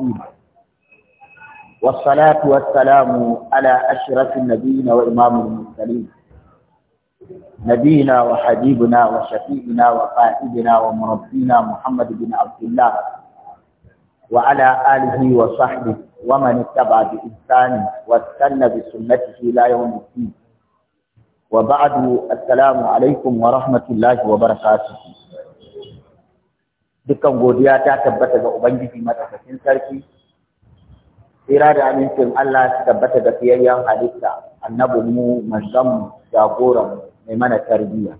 الرسول والصلاة والسلام على أشرف النبيين وإمام المرسلين نبينا وحبيبنا وشفيعنا وقائدنا ومربينا محمد بن عبد الله وعلى آله وصحبه ومن اتبع بإحسان واستنى بسنته إلى يوم الدين وبعد السلام عليكم ورحمة الله وبركاته dukkan godiya ta tabbata ga ubangiji madaukakin sarki tsira da amincin Allah su tabbata ga fiyayyen halitta annabin mu manzon jagoran mai mana tarbiyya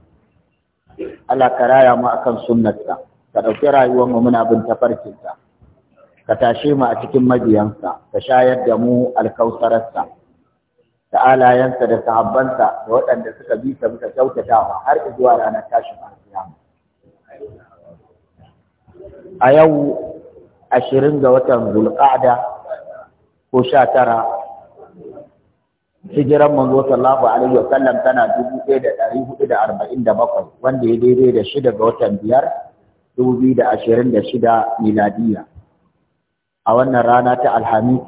Allah ka raya mu akan sunnarsa ka ɗauki rayuwar mu muna bin tafarkinsa ka tashe mu a cikin mabiyansa ka shayar da mu alkausararsa da alayensa da sahabbansa da waɗanda suka bi ta bisa kyautatawa har zuwa ranar tashin alkiyama a yau ashirin ga watan zulqa'da ko sha tara hijiran manzo sallallahu alaihi wa sallam tana dubu ɗaya da ɗari hudu da arba'in da bakwai wanda ya daidai da shida ga watan biyar dubu biyu da ashirin da shida miladiya a wannan rana ta alhamis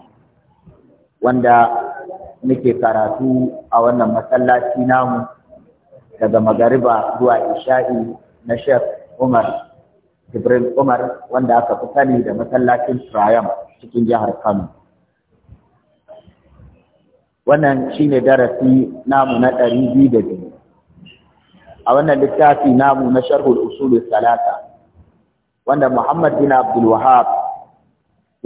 wanda muke karatu a wannan masallaci namu daga magariba zuwa isha'i na shek umar Jibril Umar wanda aka fi sani da masallacin Trayam cikin jihar Kano. Wannan shi ne darasi namu na ɗari biyu da biyu. A wannan littafi namu na sharhul usul salata wanda Muhammad bin Abdul Wahab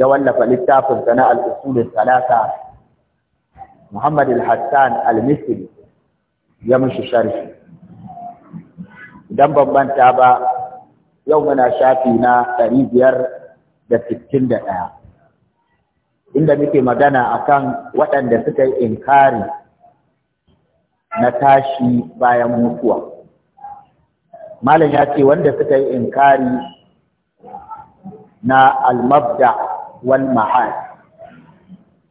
ya wallafa littafin sana al usul salata Muhammad al-Hassan al-Misri ya mushi sharhi. Idan ban ta ba yau muna shafi na ɗari biyar da sittin da ɗaya inda muke magana akan waɗanda suka yi inkari na tashi bayan mutuwa malam ya ce wanda suka yi inkari na almabda wal mahal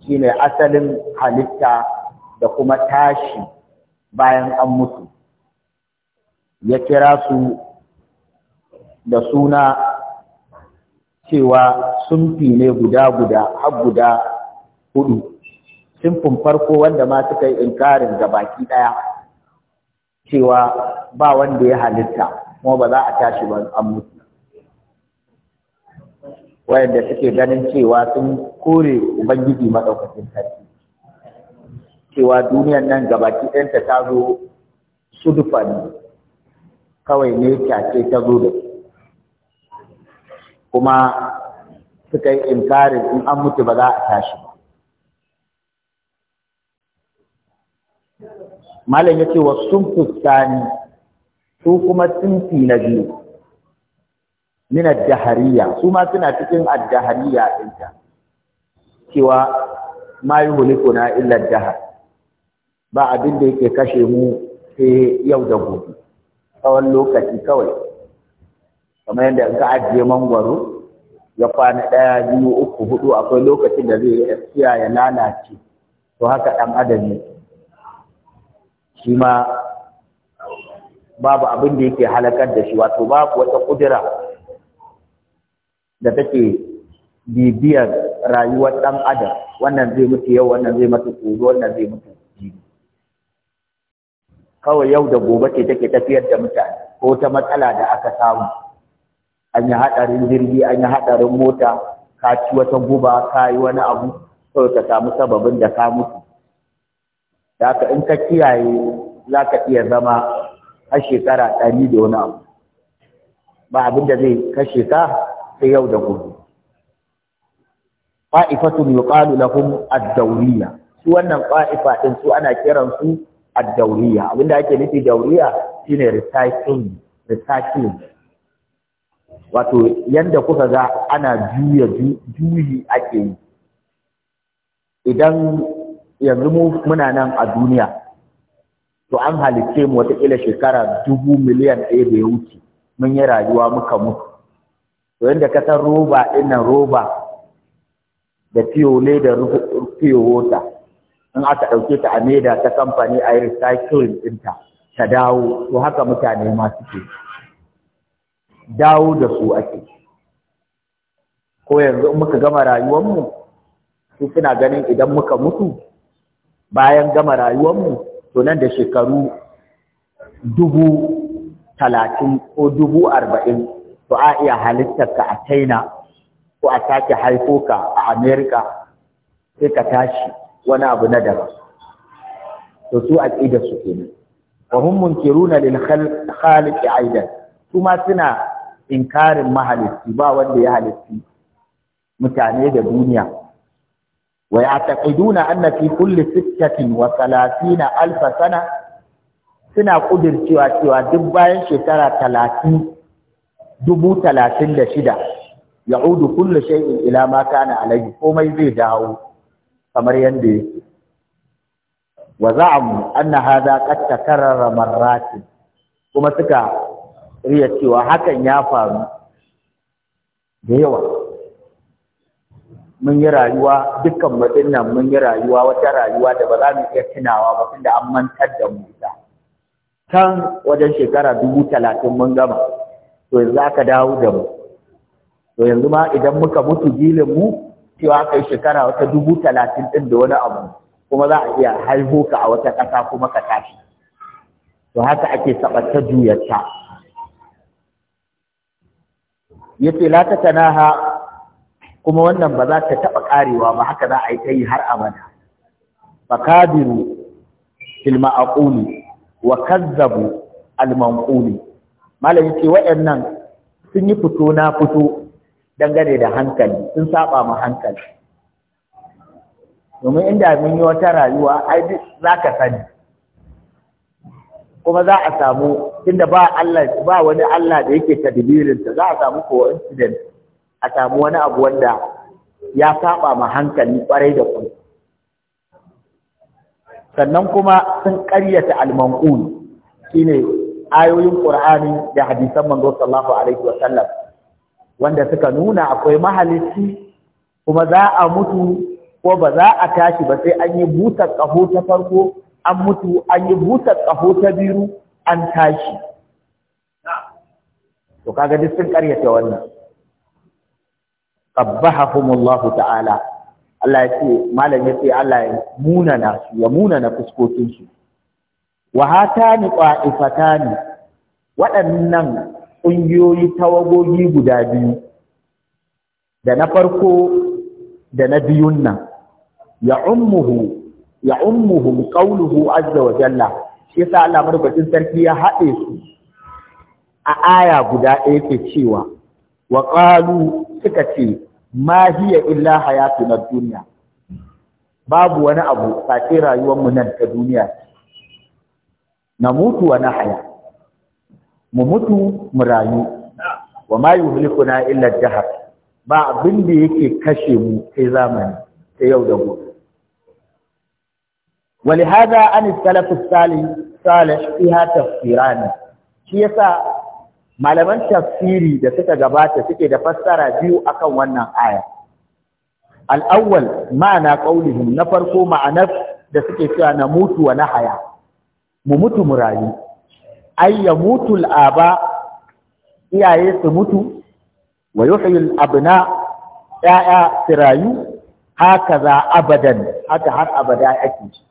ne asalin halitta da kuma tashi bayan an mutu ya kira su da suna cewa sunfi ne guda guda har guda hudu simfin farko wanda ma suka yi inkarin ga baki daya cewa ba wanda ya halitta kuma ba za a tashi ba an mutu wayanda suke ganin cewa sun kore ubangiji madaukakin sarki cewa duniyan nan gabaki ɗayanta ta zo sudufa ne kawai ne ce ta zo da su kuma suka yi inkarin in an mutu ba za a tashi ba malam ce wa sun fuskani su kuma sunfi na biyu min ad su ma suna cikin addahariya dahariya dinta cewa ma yuhlikuna illa illar dahar ba abin da yake kashe mu sai yau da gobe tsawon lokaci kawai kamar yadda ka ajiye mangwaro ya kwana ɗaya biyu uku hudu akwai lokacin da zai eskiya ya lalace to haka ɗan adam ne shi ma babu abin da yake halakar da shi wato babu wata kudura da take bibiyar rayuwar ɗan adam wannan zai mutu yau wannan zai mutu gobe wannan zai mutu jini. kawai yau da gobe ce take tafiyar da mutane ko ta matsala da aka samu an yi haɗarin jirgi an yi haɗarin mota ka ci wata guba ka yi wani abu sau ka samu sababin da ka mutu da haka in ka kiyaye za ka iya zama a shekara ɗari da wani abu ba abin da zai kashe ka sai yau da gobe fa'ifatun yuqalu lahum ad-dawriya su wannan fa'ifa din su ana kiran su ad-dawriya abinda ake nufi dauriya shine recycling recycling wato yanda kuka ga ana juya juyi ake yi idan yanzu muna nan a duniya to an halicce mu watakila shekara dubu miliyan ɗaya da ya wuce mun yi rayuwa muka mutu to yanda ka san roba ɗin roba da fiyole da fiyo wota in aka ɗauke ta a meda ta kamfani a yi recycling ɗinta ta dawo to haka mutane ma suke dawo da su ake ko yanzu muka gama rayuwarmu su suna ganin idan muka mutu bayan gama rayuwar mu, to nan da shekaru dubu talatin ko dubu arba'in to a iya halittarka a china ko a sake haifo ka a america sai ka tashi wani abu na daban to su a da su kenan wa hum munkiruna lil khaliqi aidan kuma suna inkarin mahalitti ba wanda ya halitti mutane da duniya wa ya'taqiduna anna fi kulli sittatin wa salatina alf sana suna kudircewa cewa duk bayan shekara talatin dubu talatin da shida ya'udu kullu shay'in ila ma kana alayhi komai zai dawo kamar yanda yake wa za'amu anna hadha qad takarrara marratin kuma suka riya cewa hakan ya faru da yawa mun yi rayuwa dukkan matsin nan mun yi rayuwa wata rayuwa da ba za mu iya tunawa ba tunda an mantar da mu ta kan wajen shekara dubu talatin mun gama to yanzu aka dawo da mu to yanzu ma idan muka mutu jilin mu cewa kai shekara wata dubu talatin ɗin da wani abu kuma za a iya haihu ka a wata ƙasa kuma ka tashi to haka ake saɓa ta juyarta Ya yace la tatanaha kuma wannan ba za ta taɓa ƙarewa ba haka za a yi yi har abada filma a ma'quli wa kazzabu alman manquli malam ce sun yi fito na fito dangane da hankali sun saba ma hankali domin inda mun yi wata rayuwa ai za ka sani kuma za a samu inda ba Allah ba wani Allah da yake tadbirin ta za a samu ko incident a samu wani abu wanda ya saba ma hankali kwarai da kwarai sannan kuma sun ƙaryata al-manqul shine ayoyin Qur'ani da hadisan manzo sallallahu alaihi wasallam wanda suka nuna akwai mahalicci kuma za a mutu ko ba za a tashi ba sai an yi butar ƙaho ta farko an mutu an yi busar ƙaho ta biyu an tashi to kaga duk sun ƙaryata wannan qabbahahumullahu ta'ala Allah ya ce malami ya ce Allah ya munana su ya munana fuskokin su wa hatani qa'ifatani waɗannan ƙungiyoyi tawagogi guda biyu da na farko da na biyun nan ya ummuhu ya ummuhum qawluhu azza wa jalla shi yasa Allah madaukakin sarki ya haɗe su a aya guda ɗaya ke cewa wa qalu suka ce ma hiya illa hayatuna dunya babu wani abu face rayuwar mu nan ta duniya na mutu wa na haya mu mutu mu rayu wa ma yuhlikuna illa dahar ba abin da yake kashe mu kai zamani sai yau da gobe ولهذا عن السلف الصالح صالح فيها تفسيران shi yasa malaman tafsiri da suka gabata suke da fassara biyu akan wannan aya al-awwal ma'ana qaulihim na farko ma'anar da suke cewa na mutuwa wa na haya mu mutu mu rayu ay yamutul aba iyaye su mutu wa yuhyil abna ya'ya su rayu haka za abadan haka har abada ake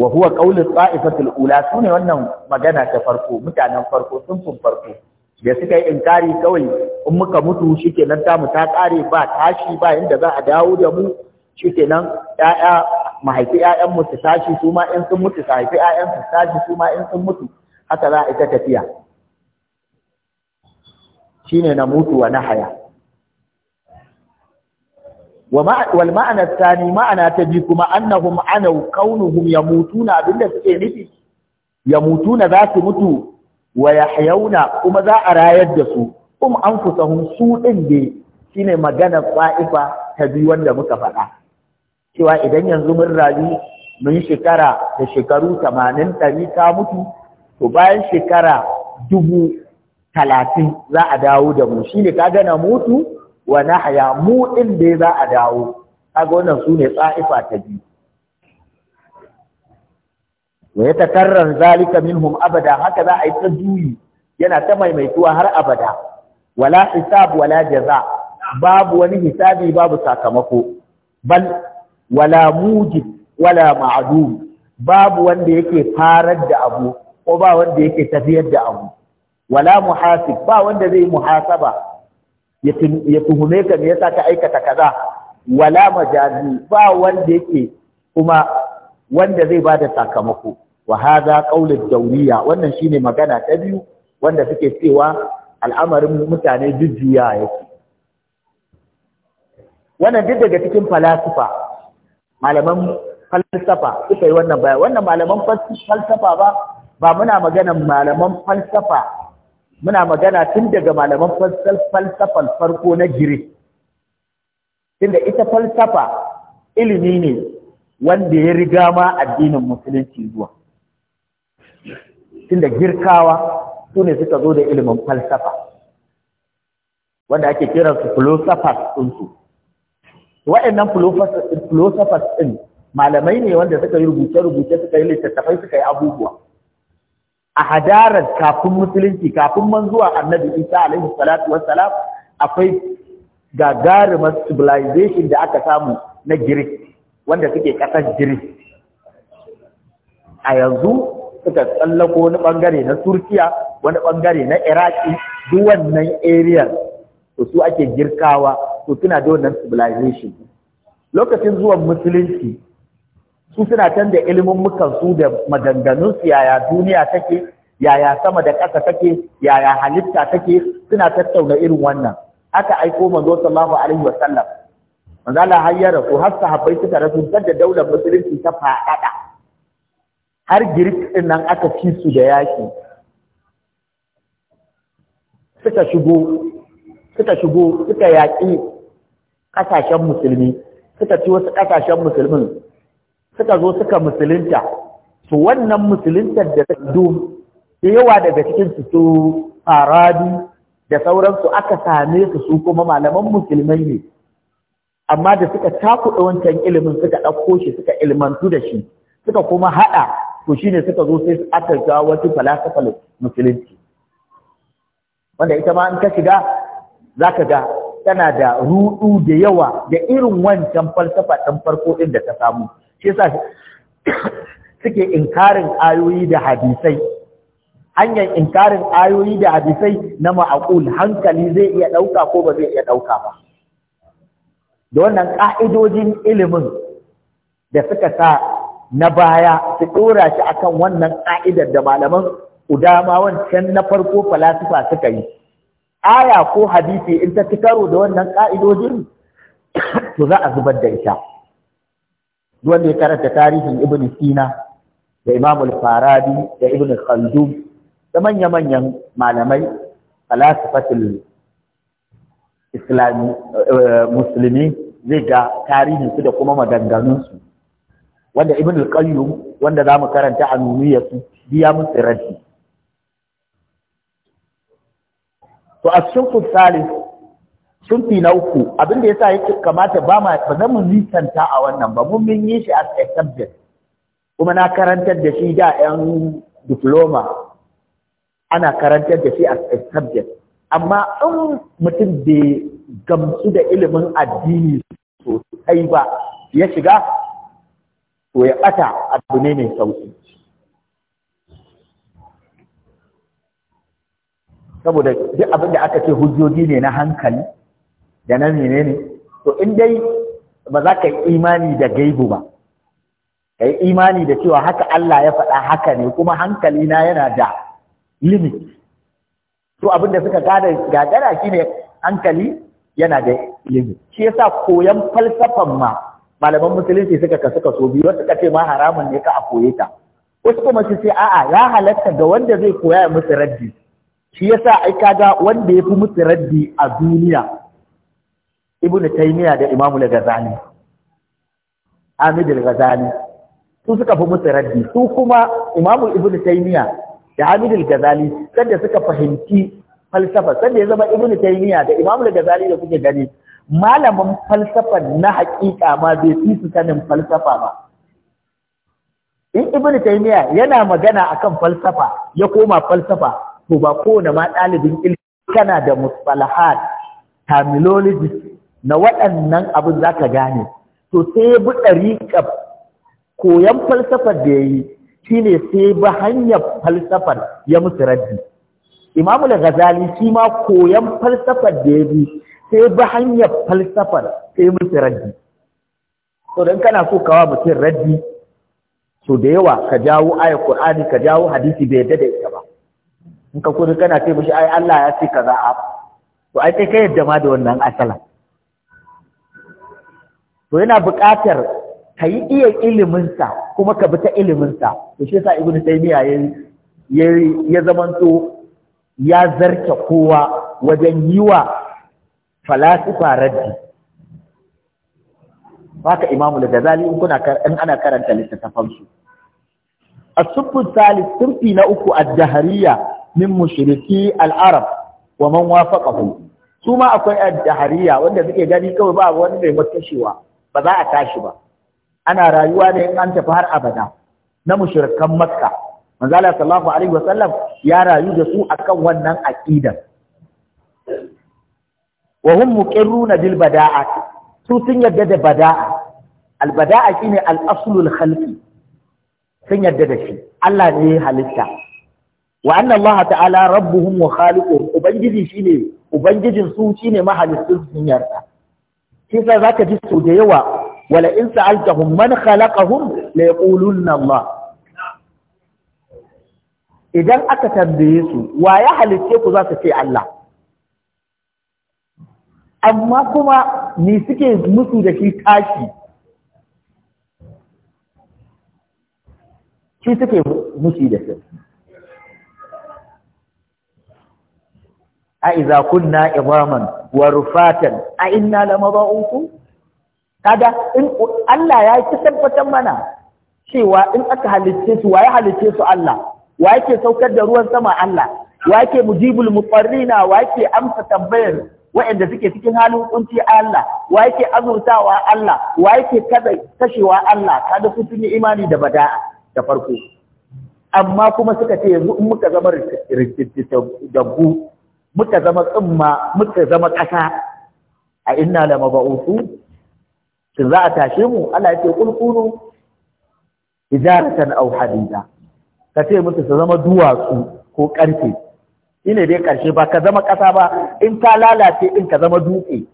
wa huwa qaulu ta'ifatul ula sune wannan magana ta farko mutanen farko sun fun farko da suka yi inkari kawai in muka mutu shikenan ta mu ta kare ba tashi ba inda za a dawo da mu shikenan ƴaƴa mahaifi ƴaƴan mu su tashi su ma in sun mutu su haifi ƴaƴan su tashi su ma in sun mutu haka za a ita tafiya shine na mutuwa wa na haya Walma'anar Sani ma'ana ta bi kuma annahum anau kaunuhum yamutuna abinda suke nufi na za su mutu wa yahyauna kuma za a rayar da su um anfusahum su din shi shine magana fa'ifa ta bi wanda muka faɗa cewa idan yanzu mun rayu mun shekara da shekaru tamanin ɗari ka mutu to bayan shekara dubu talatin za a dawo da mu shine ka gana mutu wa nahya mu ɗin da za a dawo kaga wannan su ne tsa'ifa ta biyu wa ya takarrar zalika minhum abada haka za a yi ta juyi yana ta maimaituwa har abada wala hisab wala jaza babu wani hisabi babu sakamako bal wala mujib wala ma'dum babu wanda yake farar da abu ko ba wanda yake tafiyar da abu wala muhasib ba wanda zai muhasaba ya tuhume ka me yasa ka aikata kaza wala majazi ba wanda yake kuma wanda zai bada sakamako wa hadha qawlud dawliya wannan shine magana ta biyu wanda suke cewa al'amarin mutane jujjuya yake wannan duk daga cikin falasifa malaman falsafa suka yi wannan baya wannan malaman falsafa ba ba muna maganan malaman falsafa muna magana tun daga malaman falsafan farko na gire tunda ita falsafa ilimi ne wanda ya riga ma addinin musulunci zuwa tunda girkawa su ne suka zo da ilimin falsafa wanda ake kiransu philosophers ɗinsu wa'annan filosofas ɗin malamai ne wanda suka yi rubuce-rubuce suka yi littattafai suka yi abubuwa a hadarar kafin musulunci kafin man zuwa annabi isa alaihi salatu wassalam akwai gagarumar civilization da aka samu na Greek wanda suke kasar Greek a yanzu suka tsallako wani bangare na Turkiya wani bangare na Iraki duk wannan area to su ake girkawa to suna da wannan civilization lokacin zuwan musulunci su suna can da ilimin mukan su da maganganun su yaya duniya take yaya sama da ƙasa take yaya halitta take suna tattauna irin wannan aka aiko manzo sallallahu alaihi wa sallam manzo Allah har ya rasu har sahabbai suka rasu da daular musulunci ta faɗaɗa har girk din nan aka ci su da yaki suka shigo suka shigo suka yaƙi ƙasashen musulmi suka ci wasu ƙasashen musulmin suka zo suka musulunta su wannan musuluntar da dum yawa daga cikin su su arabi da sauransu aka same su su kuma malaman musulmai ne amma da suka takuɗa wancan ilimin suka ɗauko shi suka ilmantu da shi suka kuma haɗa to shine suka zo sai aka ga wasu falasafal musulunci wanda ita ma in ka shiga za ga tana da ruɗu da yawa da irin wancan falsafa ɗan farko ɗin da ta samu shi suke inkarin ayoyi da hadisai hanyar inkarin ayoyi da hadisai na ma'aqul hankali zai iya ɗauka ko ba zai iya ɗauka ba da wannan ƙa'idojin ilimin da suka sa na baya su ɗora shi akan wannan ƙa'idar da malaman udama wancan na farko falasifa suka yi aya ko hadisi in ta ci karo da wannan ƙa'idojin to za a zubar da ita duwanda ya karanta tarihin ibn sina da imam al-farabi da ibn khaldun da manya-manyan malamai falasifatul islami eh, musulmi zai ga tarihin su da kuma maganganun su wanda ibn al qayyum wanda zamu karanta a nuniyar su biya musu rashi. to a cikin fi na uku abinda yasa yake kamata ba ma ba mu nisanta a wannan ba mun min yi shi as a subject kuma na karantar da shi da yan diploma ana karantar da shi as a subject amma in mutum bai gamsu da ilimin addini sosai ba ya shiga to ya bata abu ne mai sauki saboda duk abin da aka ce hujjoji ne na hankali da na menene to in dai ba za ka yi imani da gaibu ba ka yi imani da cewa haka Allah ya faɗa haka ne kuma hankali na yana da limit to abin da suka kada gagara ne hankali yana da limit shi yasa koyan falsafan ma malaman musulunci suka kasu kaso biyu wasu suka ce ma haramun ne ka a koye ta wasu kuma su ce a'a ya halatta ga wanda zai koya ya musu raddi shi yasa ai ga wanda ya fi musu raddi a duniya ibnu taymiya da imamu al-ghazali amid al-ghazali su suka fi musu raddi su kuma imamu ibnu taymiya da amid al-ghazali sanda suka fahimci falsafa sanda ya zama ibnu taymiya da imamu al-ghazali da kuke gani malaman falsafa na hakika ma bai fi su sanin falsafa ba in ibnu taymiya yana magana akan falsafa ya koma falsafa to ba kowane ma ɗalibin ilimi kana da mustalahat terminologist na waɗannan abin za ka gane to sai ya bi ɗariƙar koyon falsafar da ya yi shi ne sai bi hanyar falsafar ya musu raddi imamu da gazali shi ma koyon falsafar da ya bi sai bi hanyar falsafar sai musu raddi to don kana so kawa mutum raddi so da yawa ka jawo ayar qur'ani ka jawo hadisi bai yadda da ita ba in ka kuma kana ce mishi ai Allah ya ce kaza a to ai kai ka yadda ma da wannan asalan to yana buƙatar ka yi iya iliminsa kuma ka bi ta iliminsa to shi yasa ibnu taymiya ya ya zamanto ya zarke kowa wajen yi wa falasifa raddi haka imamu da gazali in kuna in ana karanta littattafan su as salis turfi na uku ad-dahariya min mushriki al-arab wa man wafaqahu su ma akwai ad-dahariya wanda suke gani kawai ba wani mai mutashewa ba za a tashi ba ana rayuwa ne in an tafi har abada na mushrikan makka manzo Allah sallallahu alaihi wasallam ya rayu da su akan wannan aqidan wa hum muqirruna bil bada'a su sun yadda da bada'a al bada'a shine al aslul khalqi sun yadda da shi Allah ne halitta wa anna Allah ta'ala rabbuhum wa khaliquhum ubangiji shine ubangijin su shine mahaliccin sun yarda kisa zaka ji so da yawa wala in sa'altahum man khalaqahum la yaqulunna Allah idan aka tambaye su wa ya halice ku za su ce Allah amma kuma ni suke musu da shi tashi shi suke musu da shi A'iza kunna idaman wa rufatan a inna lamadauku kada in Allah ya ki tabbatar mana cewa in aka halicce su waye su Allah wa ke saukar da ruwan sama Allah wa yake mujibul muqarrina wa ke amsa tambayar waɗanda suke cikin halin kunci Allah wa azurtawa Allah wa yake kada kashewa Allah kada su tuni imani da bada'a da farko amma kuma suka ce yanzu in muka zama dabbu muka zama tsumma muka zama ƙasa a inna la mab'usu shi za a tashe mu Allah yake kulkunu ijaratan aw hadida ka ce musu su zama duwatsu ko karfe ine dai karshe ba ka zama ƙasa ba in ta lalace in ka zama dutse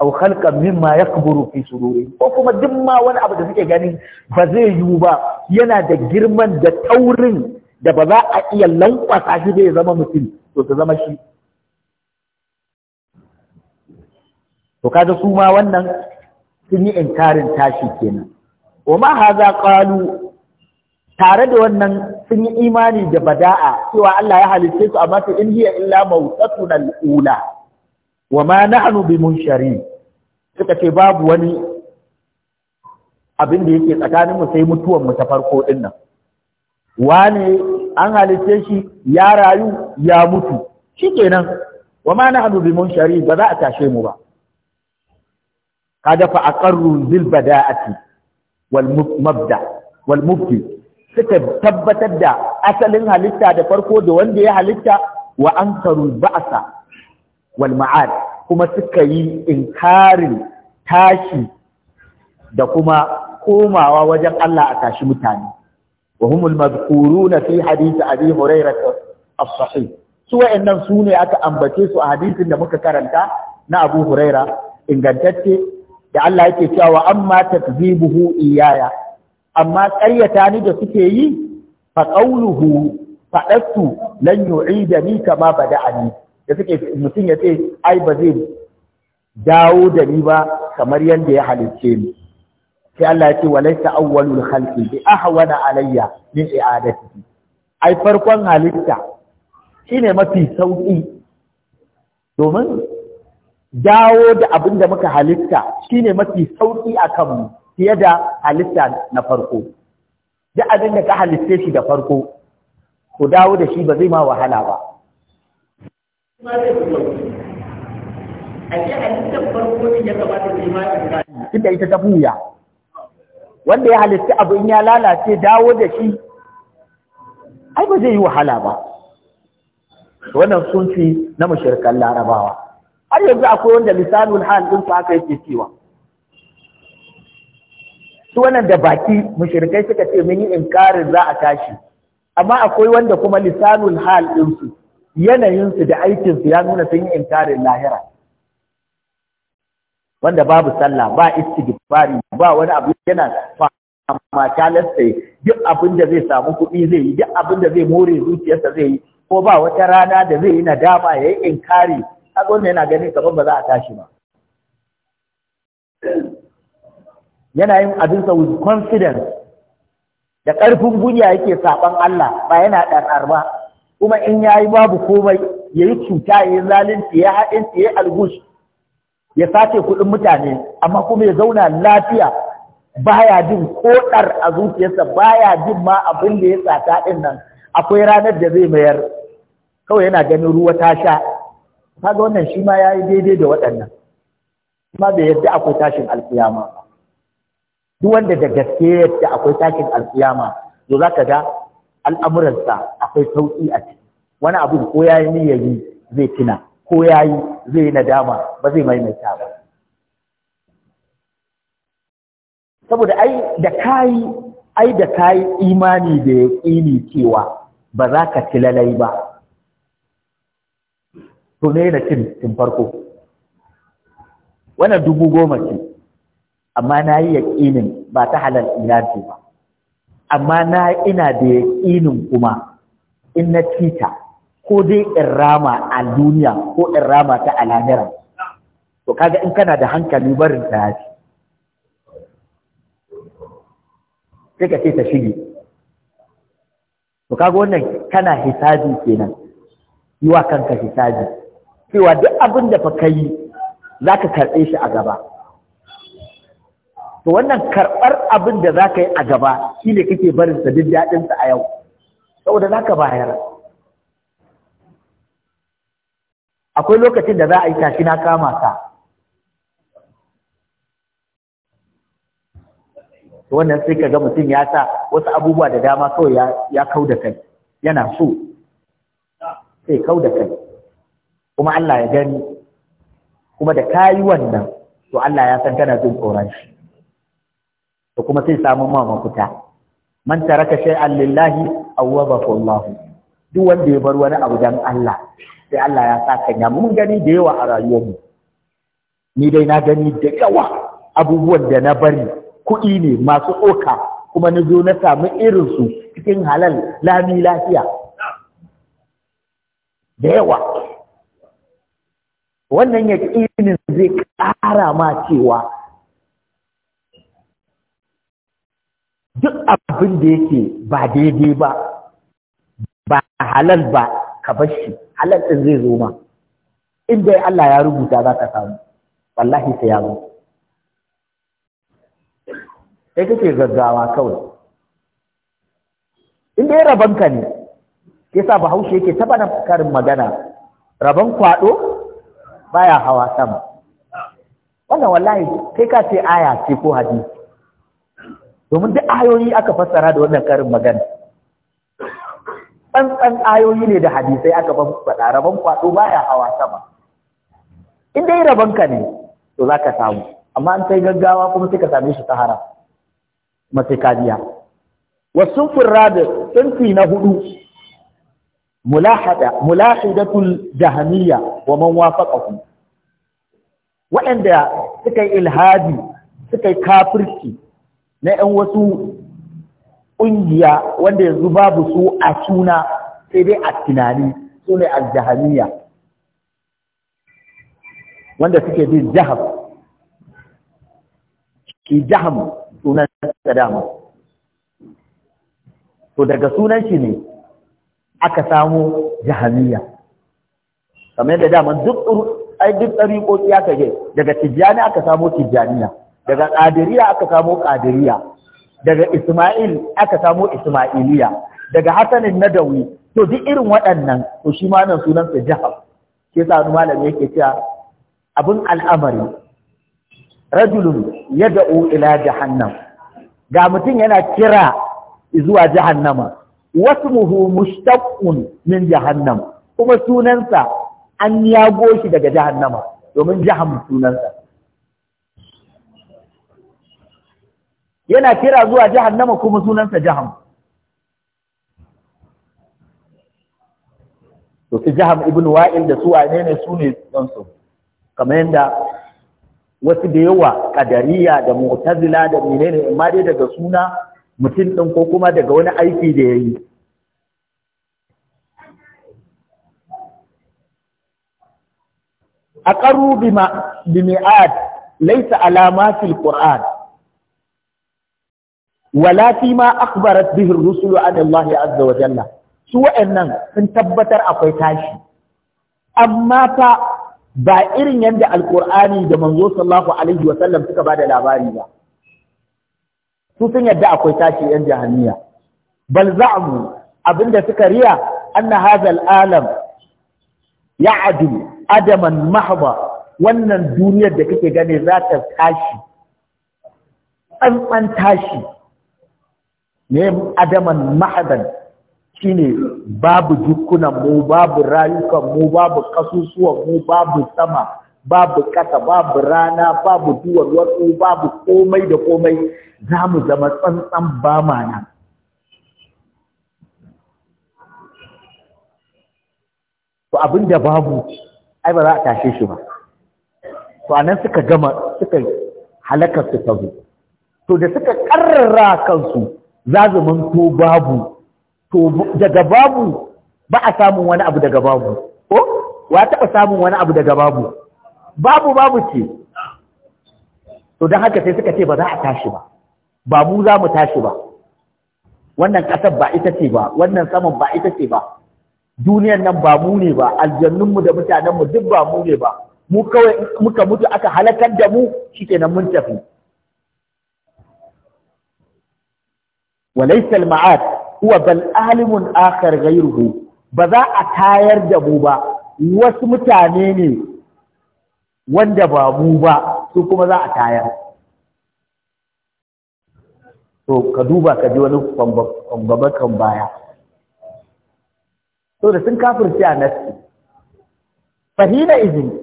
aw khalqan mimma yakburu fi sururi ko kuma duk wani abu da suke gani ba zai yiwu ba yana da girman da taurin da ba za a iya lankwasa shi da ya zama mutum to su zama shi to kaga su ma wannan sun yi inkarin tashi kenan wa ma haza qalu tare da wannan sun yi imani da bada'a cewa Allah ya halitte su amma in hiya illa mautatuna al-ula wa ma nahnu bimunshari suka ce babu wani abin da yake tsakanin mu sai mutuwan mu ta farko din nan wane an halitta shi ya rayu ya mutu shikenan wa ma na nahnu bimun shari'i ba za a tashe mu ba Ka fa aqarru bil bada'ati wal mabda wal mubdi suka tabbatar da asalin halitta da farko da wanda ya halitta wa ankarul ba'sa wal ma'ad kuma suka yi inkarin tashi da kuma komawa wajen Allah a tashi mutane وهم المذكورون في حديث أبي هريرة الصحيح سوى إن سوني أكا أنبتيس أحاديث لمكة كرنتا نا أبو هريرة إن قنتت لعل يكي وأما تكذيبه إيايا أما قريتاني دا سكي فقوله فأتت لن يعيدني كما بدأني da suke mutum ya ce ai ba zai dawo da ni ba kamar yadda ya halicce ni sai Allah ya ce walaita awwalul khalqi bi ahwana alayya min i'adatihi ai farkon halitta shine mafi sauki domin dawo da abinda muka halitta shine mafi sauki a kanmu fiye da halitta na farko duk abin ka halitta shi da farko ku dawo da shi ba zai ma wahala ba ya da ita ta buya, wanda ya halitta abu in ya lalace dawo da shi ai ba zai yi wahala ba wannan sun fi na mashirkan larabawa har yanzu akwai wanda lisanul hal din aka yake cewa su wannan da baki mushirikai suka ce mun yi inkarin za a tashi amma akwai wanda kuma lisanul hal din su yanayin da aikinsu ya nuna sun yi inkarin lahira wanda babu sallah ba istighfar fari ba wani abu yana amma talarsa duk abin da zai samu kuɗi zai yi duk abin da zai more zuciyarsa zai yi ko ba wata rana da zai yi nadama ya yi inkari kaga yana ganin kamar ba za a tashi ba yana yin sa with confidence da ƙarfin gunya yake saɓan Allah ba yana ɗar'ar ba kuma in ya yi babu komai ya yi cuta ya yi zalunci ya haɗin, ya yi algush ya sace kuɗin mutane amma kuma ya zauna lafiya baya jin koɗar a zuciyarsa baya jin ma abin da ya sata ɗin nan akwai ranar da zai mayar kawai yana ganin ruwa ta sha kaga wannan shi ma yayi daidai da waɗannan kuma bai yadda akwai tashin alkiyama duk wanda da gaske yadda akwai tashin alkiyama to zaka ga al'amuransa akwai sauki a ciki wani abu ko yayi niyyar yi zai tuna ko ya yi zai nadama ba zai maimaita ba saboda ai da kayi ai da kayi imani da ya ƙini cewa ba za ka ci lalai ba to ne na cin cin farko wannan dubu goma ce amma na yi yaƙinin ba ta halal ina ba amma na ina da yaƙinin kuma in na tita ko dai in rama a duniya ko in rama ta alamira to kaga in kana da hankali barin ta yafi sai ka ce ta shige to kaga wannan kana hisabi kenan yi wa kanka hisabi cewa duk abin da fa ka yi za ka karɓe shi a gaba to wannan karɓar abin da za ka yi a gaba shi ne kake barin sa duk daɗinsa a yau saboda za ka bayar akwai lokacin da za a yi tashi na kama ka wannan sai ka ga mutum ya sa wasu abubuwa da dama kawai ya kau da kai yana so sai kau da kai kuma Allah ya gani kuma da ka yi wannan to Allah ya san kana jin tsoron shi to kuma sai samun ma mafita man taraka shay'an lillahi awwabahu Allah duk wanda ya bar wani abu dan Allah sai Allah ya sa kanya mun gani da yawa a rayuwarmu ni dai na gani da yawa abubuwan da na bari kuɗi ne masu tsoka kuma na zo na samu irinsu cikin halal lami lafiya da yawa wannan yaƙinin zai ƙara ma cewa duk abin da yake ba daidai ba ba halal ba ka bar shi halal ɗin zai zo ma in dai Allah ya rubuta za ka samu wallahi sai ya zo sai kake gaggawa kawai in dai ka ne Ke sa bahaushe yake taba na karin magana rabon kwaɗo baya hawa sama wannan wallahi kai ka ce aya ce ko hadisi domin duk ayoyi aka fassara da wannan karin magana tsantsan ayoyi ne da hadisai aka ban faɗa rabon kwaɗo baya hawa sama in dai rabon ka ne to za ka samu amma an sai gaggawa kuma sai ka same shi ta haram mace kajiya wasu furrabi tsinfi na hudu mulahada mulahidatul jahmiya wa man wafaqahu waɗanda suka yi ilhadi suka yi kafirci na ‘yan wasu ƙungiya wanda yanzu babu su a suna sai dai a tunani su ne aljahaniya wanda suke bin jahab shi jaham sunan da dama to daga sunan shi ne aka samu jahaniya kamar yadda dama duk ai duk ɗariƙoƙi ke daga tijjani aka samo tijjaniya daga ƙadiriya aka samo ƙadiriya daga Ismail aka samo Ismailiya daga Hassanin Nadawi to duk irin waɗannan to shi ma nan sunan sa jahab ke sa wani malam yake cewa abin al'amari rajulun yad'u ila jahannam ga mutum yana kira zuwa jahannama wasmuhu mushtaqqun min jahannam kuma sunansa an yago shi daga jahannama domin jahannam sunansa yana kira zuwa jihar jahannama kuma sunansa jaham to su jaham ibn wa'il da su wane ne su ne sunansu kamar yadda wasu da yawa ƙadariya da mu'tazila da menene amma dai daga suna mutum ɗin ko kuma daga wani aiki da ya yi a ƙaru bi mi'ad laisa alama fil qur'an wala ma akhbarat bihi ar-rusulu an Allah azza wa jalla su wa'annan sun tabbatar akwai tashi amma fa ba irin yadda alkur'ani da manzo sallallahu alaihi wa sallam suka bada labari ba su sun yadda akwai tashi yan jahanniya bal za'mu abinda suka riya anna hadha ya ya'dil adaman mahba wannan duniyar da kake gane za ta tashi tsantsan tashi ne adaman mahadan shine babu jikunan mu babu rayukan mu babu kasusuwan mu babu sama babu kasa babu rana babu duwar wasu babu komai da komai za mu zama tsantsan ba mana to abin da babu ai ba za a tashe shi ba to a nan suka gama suka halakar su ta zo to da suka ƙarra kansu za zaman to babu to daga babu ba a samun wani abu daga babu ko wa taɓa samun wani abu daga babu babu babu ce to don haka sai suka ce ba za a tashi ba ba mu za mu tashi ba wannan ƙasar ba ita ce ba wannan saman ba ita ce ba duniyan nan ba mu ne ba aljannunmu da mutanenmu duk ba mu ne ba mu kawai muka mutu aka halakar da mu shi shikenan mun tafi walaysa maad uwa bal alimun akhar ghayruhu ba za a tayar da mu ba wasu mutane ne wanda ba mu ba su kuma za a tayar to ka duba ka ji wani kwangwaba baya to da sun kafirce a nasi fahina izini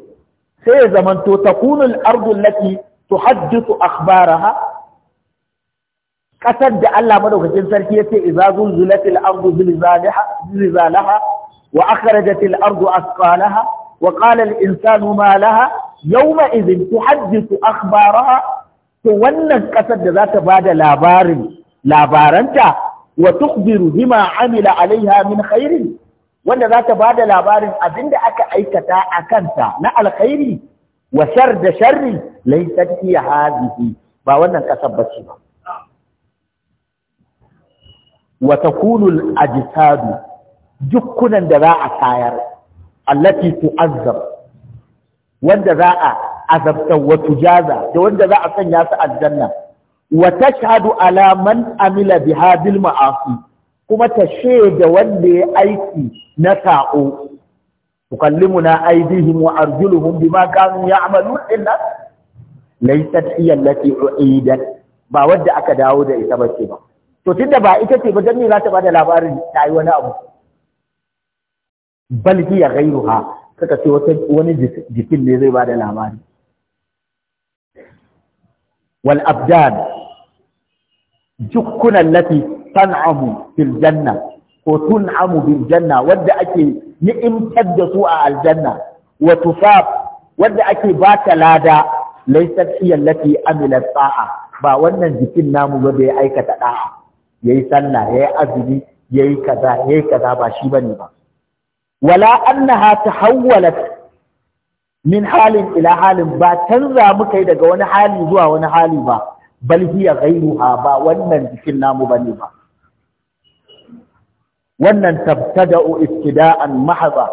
sai ya zamanto takunul ardun laki tuhaddithu akhbaraha ƙasar da Allah madaukakin sarki yace idza zulzilatil ardu zilzalaha wa akhrajatil ardu asqalaha wa qala al insanu ma laha yawma idhin tuhaddithu akhbaraha to wannan ƙasar da za ta bada labarin labaranta wa tukhbiru bima amila alaiha min khairin wanda za ta bada labarin abinda aka aikata a kanta na alkhairi wa shar da sharri laysat hiya hadhihi ba wannan ƙasar bace ba wa takunul dukkunan da za a tayar allati tu'azzab wanda za a azabta wa tujaza da wanda za a sanya su aljanna wa tashhadu ala man amila biha bil ma'asi kuma ta shaida wanda ya aiki na ta'o tukallimuna aydihim wa arjuluhum bima kanu ya'malun illa laysat hiya allati u'idat ba wadda aka dawo da ita bace ba to tunda ba ita ce ba dan me za ta bada labarin ta yi wani abu bal hiya ghayruha suka ce wani jikin ne zai bada labari wal abdan jukkunan lati tan'amu fil janna ko tun'amu bil janna wanda ake ni'imtar da su a aljanna wa tufaf wanda ake ba ta lada laysat hiya lati amilat sa'a ba wannan jikin namu ba da ya aikata da'a yayi sallah yayi azumi yayi kaza yayi kaza ba shi bane ba wala annaha tahawwalat min halin ila halin ba canza muka yi daga wani hali zuwa wani hali ba bal hiya ghayruha ba wannan jikin namu bane ba wannan tabtada'u ibtida'an mahza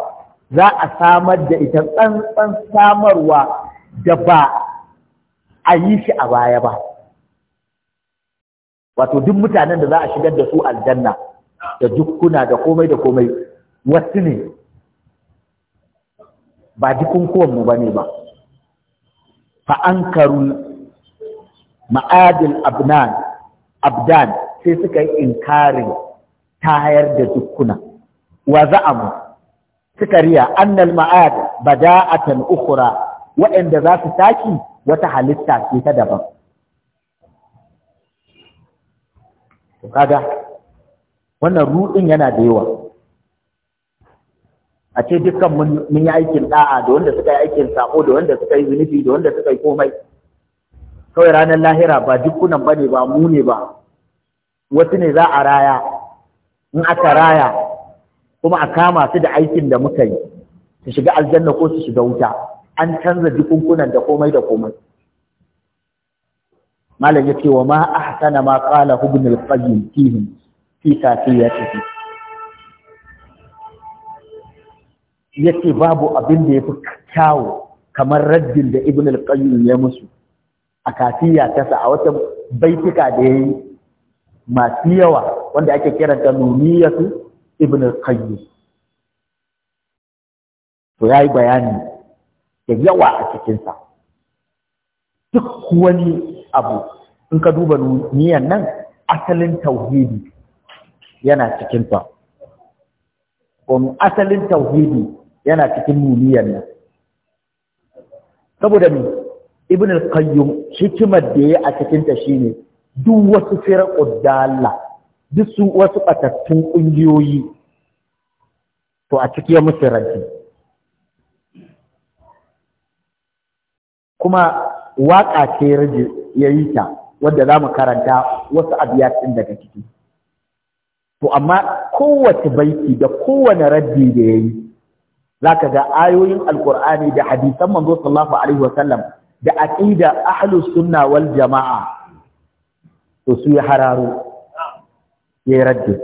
za a samar da ita tsantsan samarwa da ba a yi shi a baya ba wato duk mutanen da za a shigar da su aljanna da dukkuna da komai da komai wasu ne ba kowanne ba ne ba fa ankaru ma'adil abdan sai suka yi inkarin tayar da dukkuna wa za'amu suka riya annal ma'ad bada'atan ukura waɗanda za su taki wata halitta ce ta daban kaga wannan ruɗin yana da yawa a ce dukkan mun yi aikin da'a da wanda suka yi aikin sako da wanda suka yi zunubi da wanda suka yi komai kawai ranar lahira ba dukkunan ba ne ba mu ne ba wasu ne za a raya in aka raya kuma a kama su da aikin da muka yi su shiga aljanna ko su shiga wuta an canza dukkunan da komai da komai malam yace wa ma ahsana ma qala ibn al-qayyim fihim fi kafiyatihi yace babu abin da yafi kyawu kamar raddin da ibn al-qayyim ya musu a kafiya ta sa a wata baitika da yayi masu yawa wanda ake kiranta nuniyatu ibn al-qayyim to yayi bayani da yawa a cikin sa duk wani abu in ka duba niyan nan asalin tauhidi yana cikin ta asalin tauhidi yana cikin niyan nan saboda ni ibn al-qayyim hikimar da yayi a cikin ta shine duk wasu firqud dalla duk su wasu atattun kungiyoyi to a cikin musu ranci kuma waƙa ce ya yi ta wadda za mu karanta wasu abiyatin daga ciki to amma kowace baiti da kowane raddi da ya yi za ka ga ayoyin alƙur'ani da hadisan manzo sallallahu alaihi wasallam da aƙida ahlus sunna wal jama'a to su ya hararo ya raddi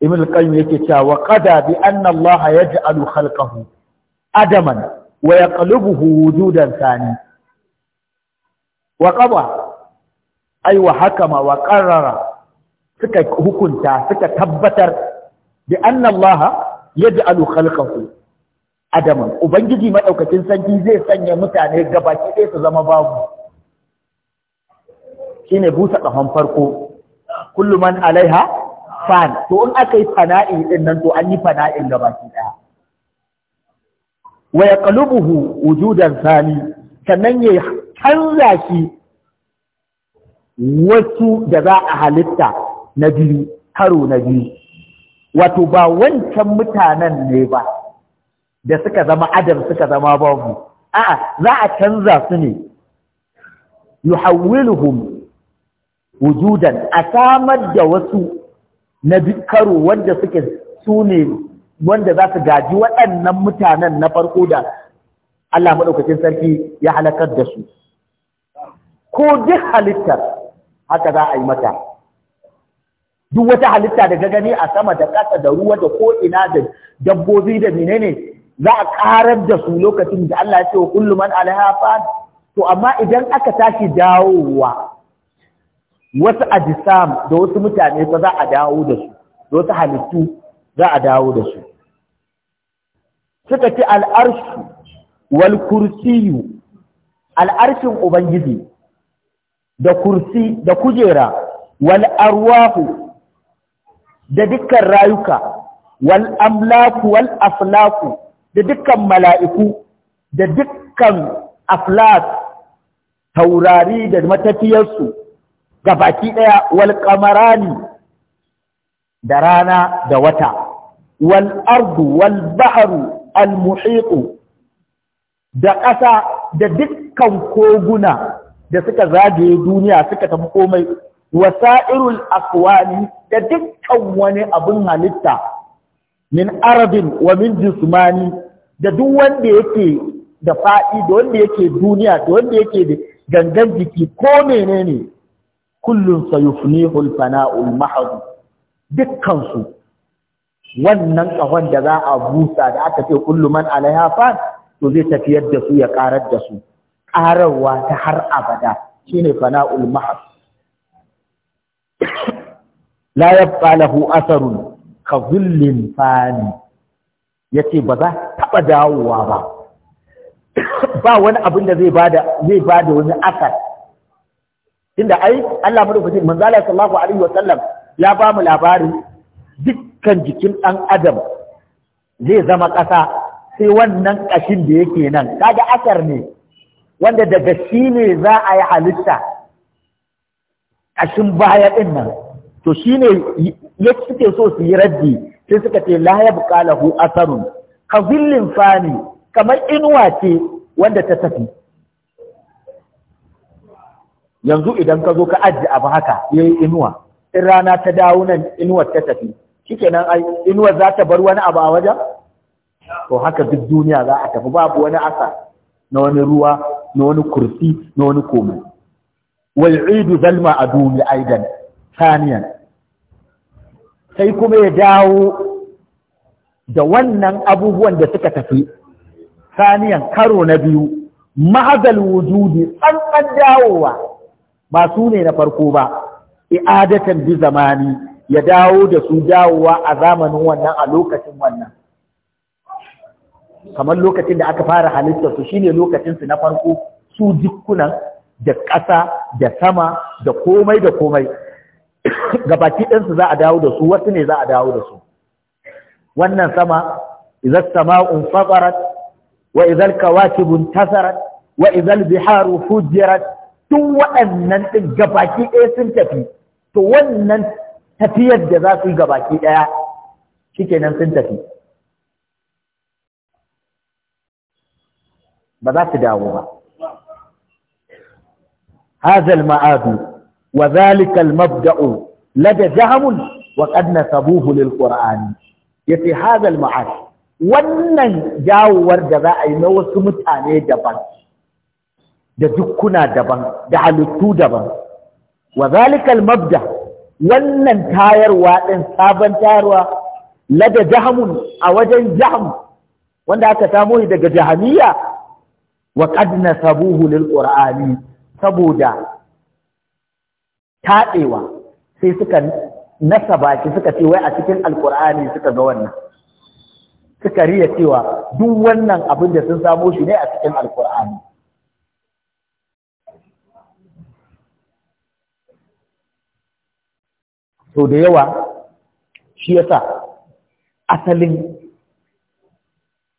ibn qayyim yake cewa qada bi anna Allah yaj'alu khalqahu adaman wa yaqlubuhu dudan sani wa qada ay wa hakama suka hukunta suka tabbatar bi anna Allah yaj'alu khalqahu Adama ubangiji madaukakin sanki zai sanya mutane gabaki ɗaya su zama babu shine busa kafan farko kullu man alaiha fan to in aka yi fana'i din nan to an yi fana'in gabaki ɗaya wa kalubuhu wujudan sani sannan ya canza shi wasu da za a halitta na biyu karo na biyu wato ba wancan mutanen ne ba da suka zama adam suka zama babu a'a za a canza su ne yuhawwiluhum wujudan a samar da wasu na karo wanda suke su ne wanda za su gaji waɗannan mutanen na farko da Allah maɗaukacin sarki ya halakar da su ko duk halittar haka za a yi mata duk wata halitta da gani a sama da ƙasa da ruwa da ko'ina da dabbobi da menene za a ƙarar da su lokacin da Allah ya ce wa kulluman man alhafa to amma idan aka tashi dawowa wasu ajisam da wasu mutane ba za a dawo da su da wasu halittu za a dawo da su suka ci al'arshu wal kursiyu al'arshin ubangiji da kursi da kujera wal arwahu da dukkan rayuka wal amlaku wal aflaku da dukkan mala'iku da dukkan aflak taurari da matafiyarsu ga baki ɗaya wal kamarani da rana da wata wal ardu wal al da ƙasa da dukkan koguna da suka zagaye duniya suka tafi komai wasa'irul Aswani da dukkan wani abin halitta min arabin wa min jismani da duk wanda yake da faɗi da wanda yake duniya da wanda yake da gangan jiki ko menene kullun sayufnihul fana'ul mahad dukkan su wannan ƙahon da za a busa da aka ce kullu man alaiha fan to zai tafiyar da su ya ƙarar da su ƙararwa ta har abada shine fana'ul mahab la yabqa lahu asarun, ka zullin fani ce ba za taba dawowa ba ba wani abin da zai bada zai bada wani asar tunda ai Allah madaukakin manzo Allah sallallahu alaihi wa sallam ya ba mu labarin duk kan jikin ɗan adam zai zama ƙasa sai wannan ƙashin da yake nan kaga asar ne wanda daga shi ne za a yi halitta ƙashin baya ɗin nan to shi ne ya suke so su yi raddi sai suka ce la ya hu asarun ka zillin fani kamar inuwa ce wanda ta tafi yanzu idan ka zo ka ajiye abu haka ya yi inuwa in rana ta dawo nan inuwar ta tafi shikenan ai inuwa za ta bar wani abu a wajen to haka duk duniya za a tafi babu wani asa na wani ruwa na wani kursi na wani komai wal'idu zalma a duniya aidan saniyan sai kuma ya dawo da wannan abubuwan da suka tafi saniyan karo na biyu mahazal wujudi tsantsan dawowa ba su ne na farko ba i'adatan bi zamani ya dawo da su dawowa a zamanin wannan a lokacin wannan kamar lokacin da aka fara halittar su shine lokacin su na farko su jikunan da ƙasa da sama da komai da komai gabaki ɗinsu za a dawo da su wasu ne za a dawo da su wannan sama idza sama'un fatarat wa idza kawakibun tasarat wa idza biharu fujirat duk waɗannan ɗin gabaki ɗaya sun tafi to wannan tafiyar da za su yi gabaki ɗaya shikenan sun tafi ba za su dawo ba هذا المآب وذلك المبدأ لدى جهم وقد نسبوه للقرآن yace hadal ma'ad wannan jawowar da za a yi na wasu mutane daban da dukkuna daban da halittu daban wa zalikal mabda wannan tayarwa ɗin sabon tayarwa lada jahamun a wajen jaham wanda aka samu shi daga jahamiya wa qad nasabuhu lil qur'ani saboda taɗewa sai suka nasaba shi suka ce wai a cikin alqur'ani suka ga wannan suka riya cewa duk wannan abin da sun samo shi ne a cikin alqur'ani to da yawa shi yasa asalin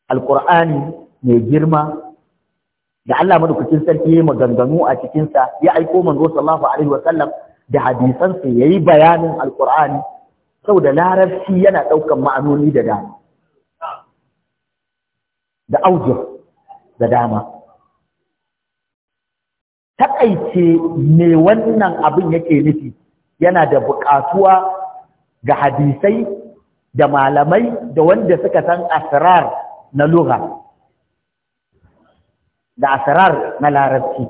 alkur'ani mai girma da Allah madaukakin sarki ya maganganu a cikinsa ya aiko manzo sallallahu alaihi wa sallam da hadisansa yayi bayanin alkur'ani saboda larabci yana daukan ma'anoni da dama da auje da dama takaice me wannan abin yake nufi yana da buƙatuwa ga hadisai da malamai da wanda suka san asrar na lugha da asrar na larabci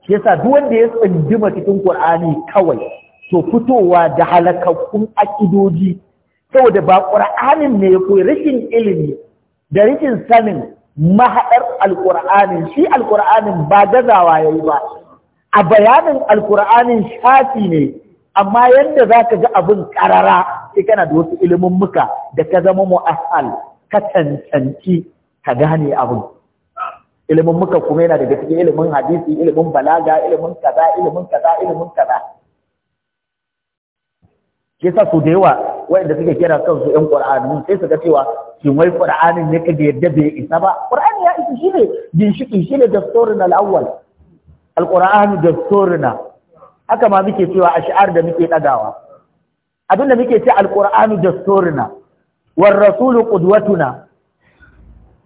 shi yasa duk wanda ya tsindima cikin Qur'ani kawai to fitowa da halakakkun akidoji saboda ba Qur'anin ne ya koyi rashin ilimi da rashin sanin mahaɗar alƙur'anin shi alqur'anin ba gazawa yayi ba a bayanin alkur'anin shafi ne amma yadda za ka ga abin karara sai kana da wasu ilimin muka da ka zama mu'ahal ka cancanci ka gane abin ilimin muka kuma yana daga cikin ilimin hadisi ilimin balaga ilimin kaza ilimin kaza ilimin kaza ke su da yawa waɗanda suke kira kansu yan ƙur'ani sai su ga cewa shin wai ƙur'anin ne ka yadda bai isa ba ƙur'ani ya isa shi ne ginshiƙi shi ne awwal al'awwal alqur'anu dasturuna haka ma muke cewa a ash'ar da muke ɗagawa abinda muke ce alqur'anu dasturuna wal rasulu qudwatuna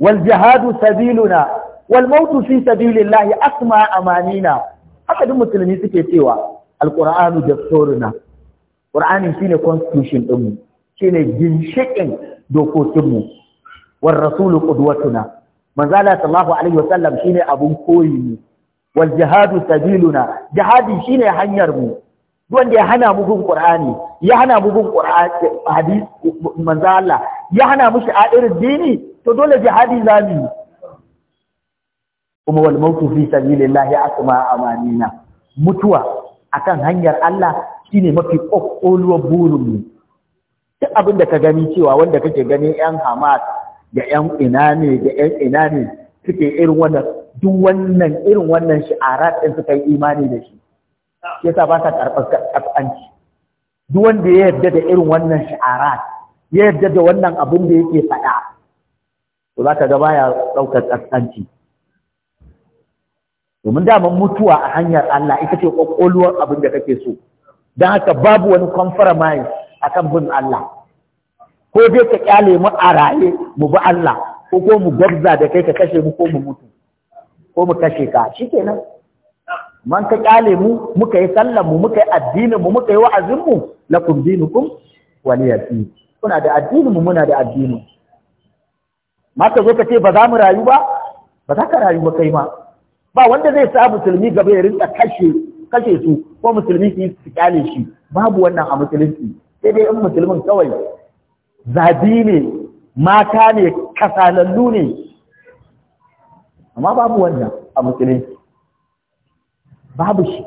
wal jihadu sabiluna wal mautu fi sabilillahi asma amanina haka duk musulmi suke cewa alqur'anu dasturuna shi shine constitution ɗinmu shine ginshiƙin dokokinmu wal rasulu qudwatuna manzala sallallahu alaihi wasallam shine abun koyi ne wal jihadu sabiluna jihadi shine hanyar mu wanda ya hana mu bin Qur'ani ya hana mu bin qur'ani hadis manzo Allah ya hana mu sha'irin dini to dole jihadi zamu kuma wal mautu fi sabilillahi asma amanina mutuwa akan hanyar Allah shine mafi kokolwa burin mu duk abin da ka gani cewa wanda kake gani yan Hamas da yan ina ne da yan ina ne suke irin wannan duk wannan irin wannan shi'ara ɗin suka yi imani da shi yasa ba sa karɓar ƙasƙanci duk wanda ya yarda da irin wannan shi'ara ya yarda da wannan abin da yake faɗa to za ka ga baya ɗaukar ƙasƙanci domin daman mutuwa a hanyar Allah ita ce ƙwaƙwalwar abin da kake so don haka babu wani compromise akan bin Allah ko dai ka ƙyale mu a raye mu bi Allah ko ko mu gwabza da kai ka kashe mu ko mu mutu ko mu kashe ka shikenan man ka kyale mu muka yi sallar mu muka yi addinin mu muka yi wa'azin mu lakum dinukum waliyati kuna da addinin mu muna da addinin ma ka zo ka ce ba za mu rayu ba ba za ka rayu ba kai ma ba wanda zai sa musulmi gaba ya rinka kashe su ko musulmi su su kyale shi babu wannan a musulunci sai dai in musulmin kawai zabi ne mata ne kasalallu ne amma babu wannan a musulunci babu shi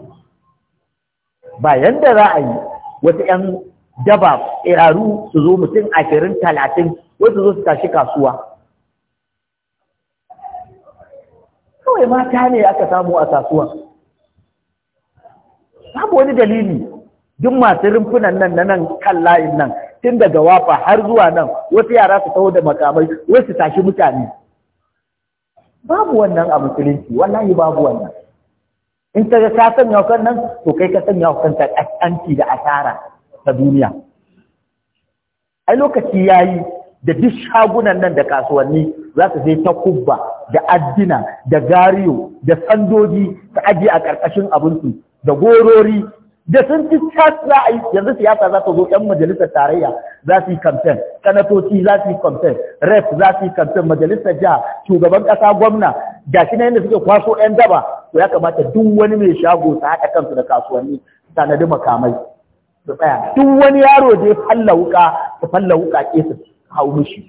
ba yadda za a yi wata 'yan daba tsiraru su zo mutum ashirin talatin wata zo su tashi kasuwa kawai mata ne aka samu a kasuwa babu wani dalili duk masu rumfunan nan na nan kan layin nan tun daga wafa har zuwa nan wasu yara su taho da makamai wasu tashi mutane babu wannan a musulunci wallahi babu wannan in ka ga ka sanya kan nan to kai ka sanya kan ta anti da asara ta duniya ai lokaci yayi da duk shagunan nan da kasuwanni za su sai ta kubba da addina da gariyo da sandoji ta ajiye a ƙarƙashin abinci da gorori da sun ci cas za a yi yanzu siyasa za ta zo yan majalisar tarayya za su yi kamfen Kanatoci za su yi kamfen rep za su yi kamfen majalisar jiha shugaban kasa gwamna ga shi na yadda suke kwaso yan daba to ya kamata duk wani mai shago su haɗa kansu da kasuwanni tanadi makamai su tsaya duk wani yaro da ya falla wuka su falla wuka ke su hau mishi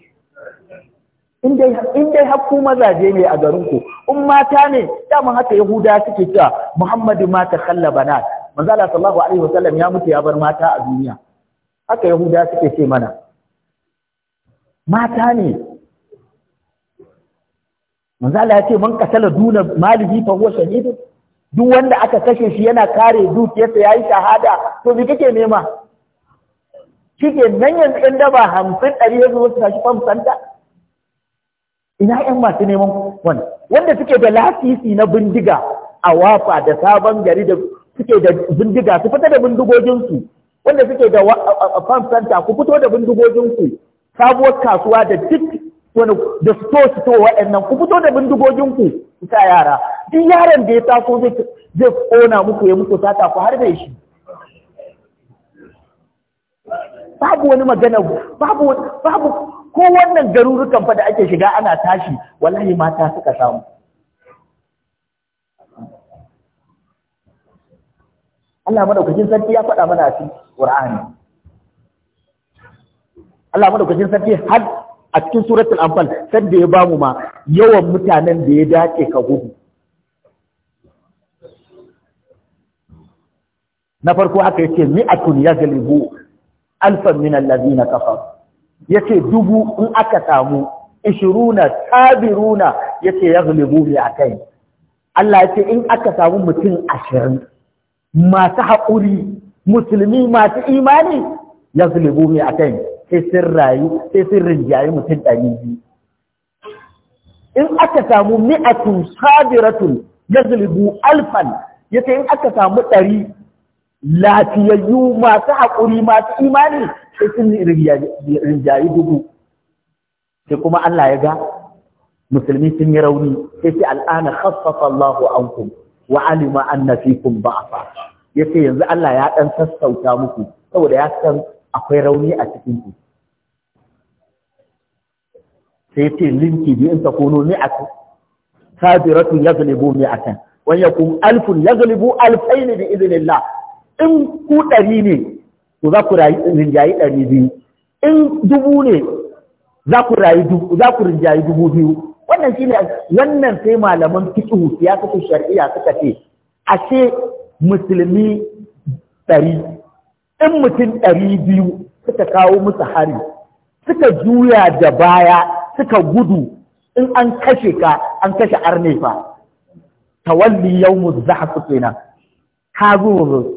in dai hakku mazaje ne a garinku in mata ne dama haka yahuda suke cewa muhammadu mata ta kalla banat manzo Allah sallallahu alaihi wasallam ya mutu ya bar mata a duniya haka yahuda suke ce mana mata ne manzo Allah ya ce man qatala duna malihi fa huwa shahid duk wanda aka kashe shi yana kare dukiyarsa yayi shahada to me kake nema kike nan yanzu da ba hamsin ɗari yanzu wasu tashi famsanta ina ƴan masu neman wani wanda suke da lasisi na bindiga a wafa da sabon gari da suke da bindiga su fita da bindigoginsu wanda suke da farm center ku fito da bindigoginsu, sabuwar kasuwa da duk wani da su to wa'annan ku fito da bindigoginku ku sa yara duk yaron da ya taso zai kona muku ya muku sata ku har da shi babu wani magana babu babu ko wannan garurukan fa da ake shiga ana tashi wallahi mata suka samu Allah madaukakin sarki ya faɗa mana a cikin Qur'ani Allah madaukakin sarki har a cikin suratul Anfal sanda ya bamu ma yawan mutanen da ya dace ka gudu na farko aka yace mi'atun yaghlibu alfan min allazina kafar. yace dubu in aka samu 20 sabiruna yace yaghlibu bi akai Allah yace in aka samu mutum ashirin. masu haƙuri musulmi masu imani ya zulubu mai a kan sai sun rayu sai sun rinjaye mutum ɗari biyu in aka samu mi'atun sabiratun ya zulubu alfan ya in aka samu ɗari lafiyayyu masu haƙuri masu imani sai sun rinjaye dubu sai kuma Allah ya ga musulmi sun yi rauni sai sai al'ana khaffafa Allahu ankum wa alima anna fikum ba'fa yace yanzu Allah ya dan sassauta muku saboda ya san akwai rauni a cikin ku sai ce linki bi in takunu mi'atu sabiratun yaghlibu mi'atan wa yakum alfun yaghlibu alfayn bi idnillah in ku ɗari ne to za ku rinjayi ɗari biyu in dubu ne za ku rinjayi dubu biyu wannan shine wannan sai malaman fiqh ya suka shari'a suka ce ashe musulmi ɗari in mutum ɗari biyu suka kawo musu hari suka juya da baya suka gudu in an kashe ka an kashe arne fa tawalli a zahfu kenan ka zo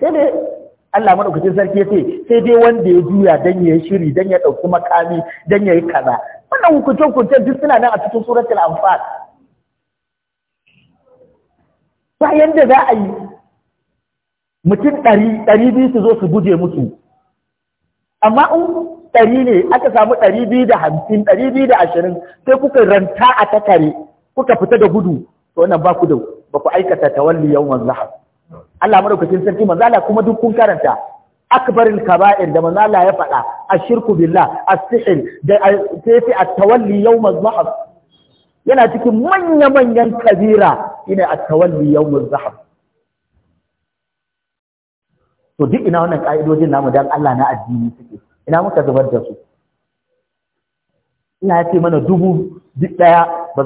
sai dai Allah maɗaukacin sarki ya ce sai dai wanda ya juya dan ya shiri dan ya ɗauki makami dan ya yi kaza wannan hukuncin hukuncin duk suna nan a cikin suratul anfal bayan da za a yi mutum ɗari ɗari biyu su zo su guje mutu amma in ɗari ne aka samu ɗari biyu da hamsin ɗari biyu da ashirin sai kuka ranta a takare kuka fita da gudu to wannan ba ku da ba ku aikata tawalli yau Allah madaukakin sarki manzo kuma duk kun karanta akbaril kaba'ir da mazala ya faɗa ashirku billah as-sihr da tafi at-tawalli yawm az-zahab yana cikin manya manyan kabira ina at-tawalli yawm az-zahab to duk ina wannan ka'idojin namu dan Allah na addini suke ina muka zubar da su ina yace mana dubu duk daya ba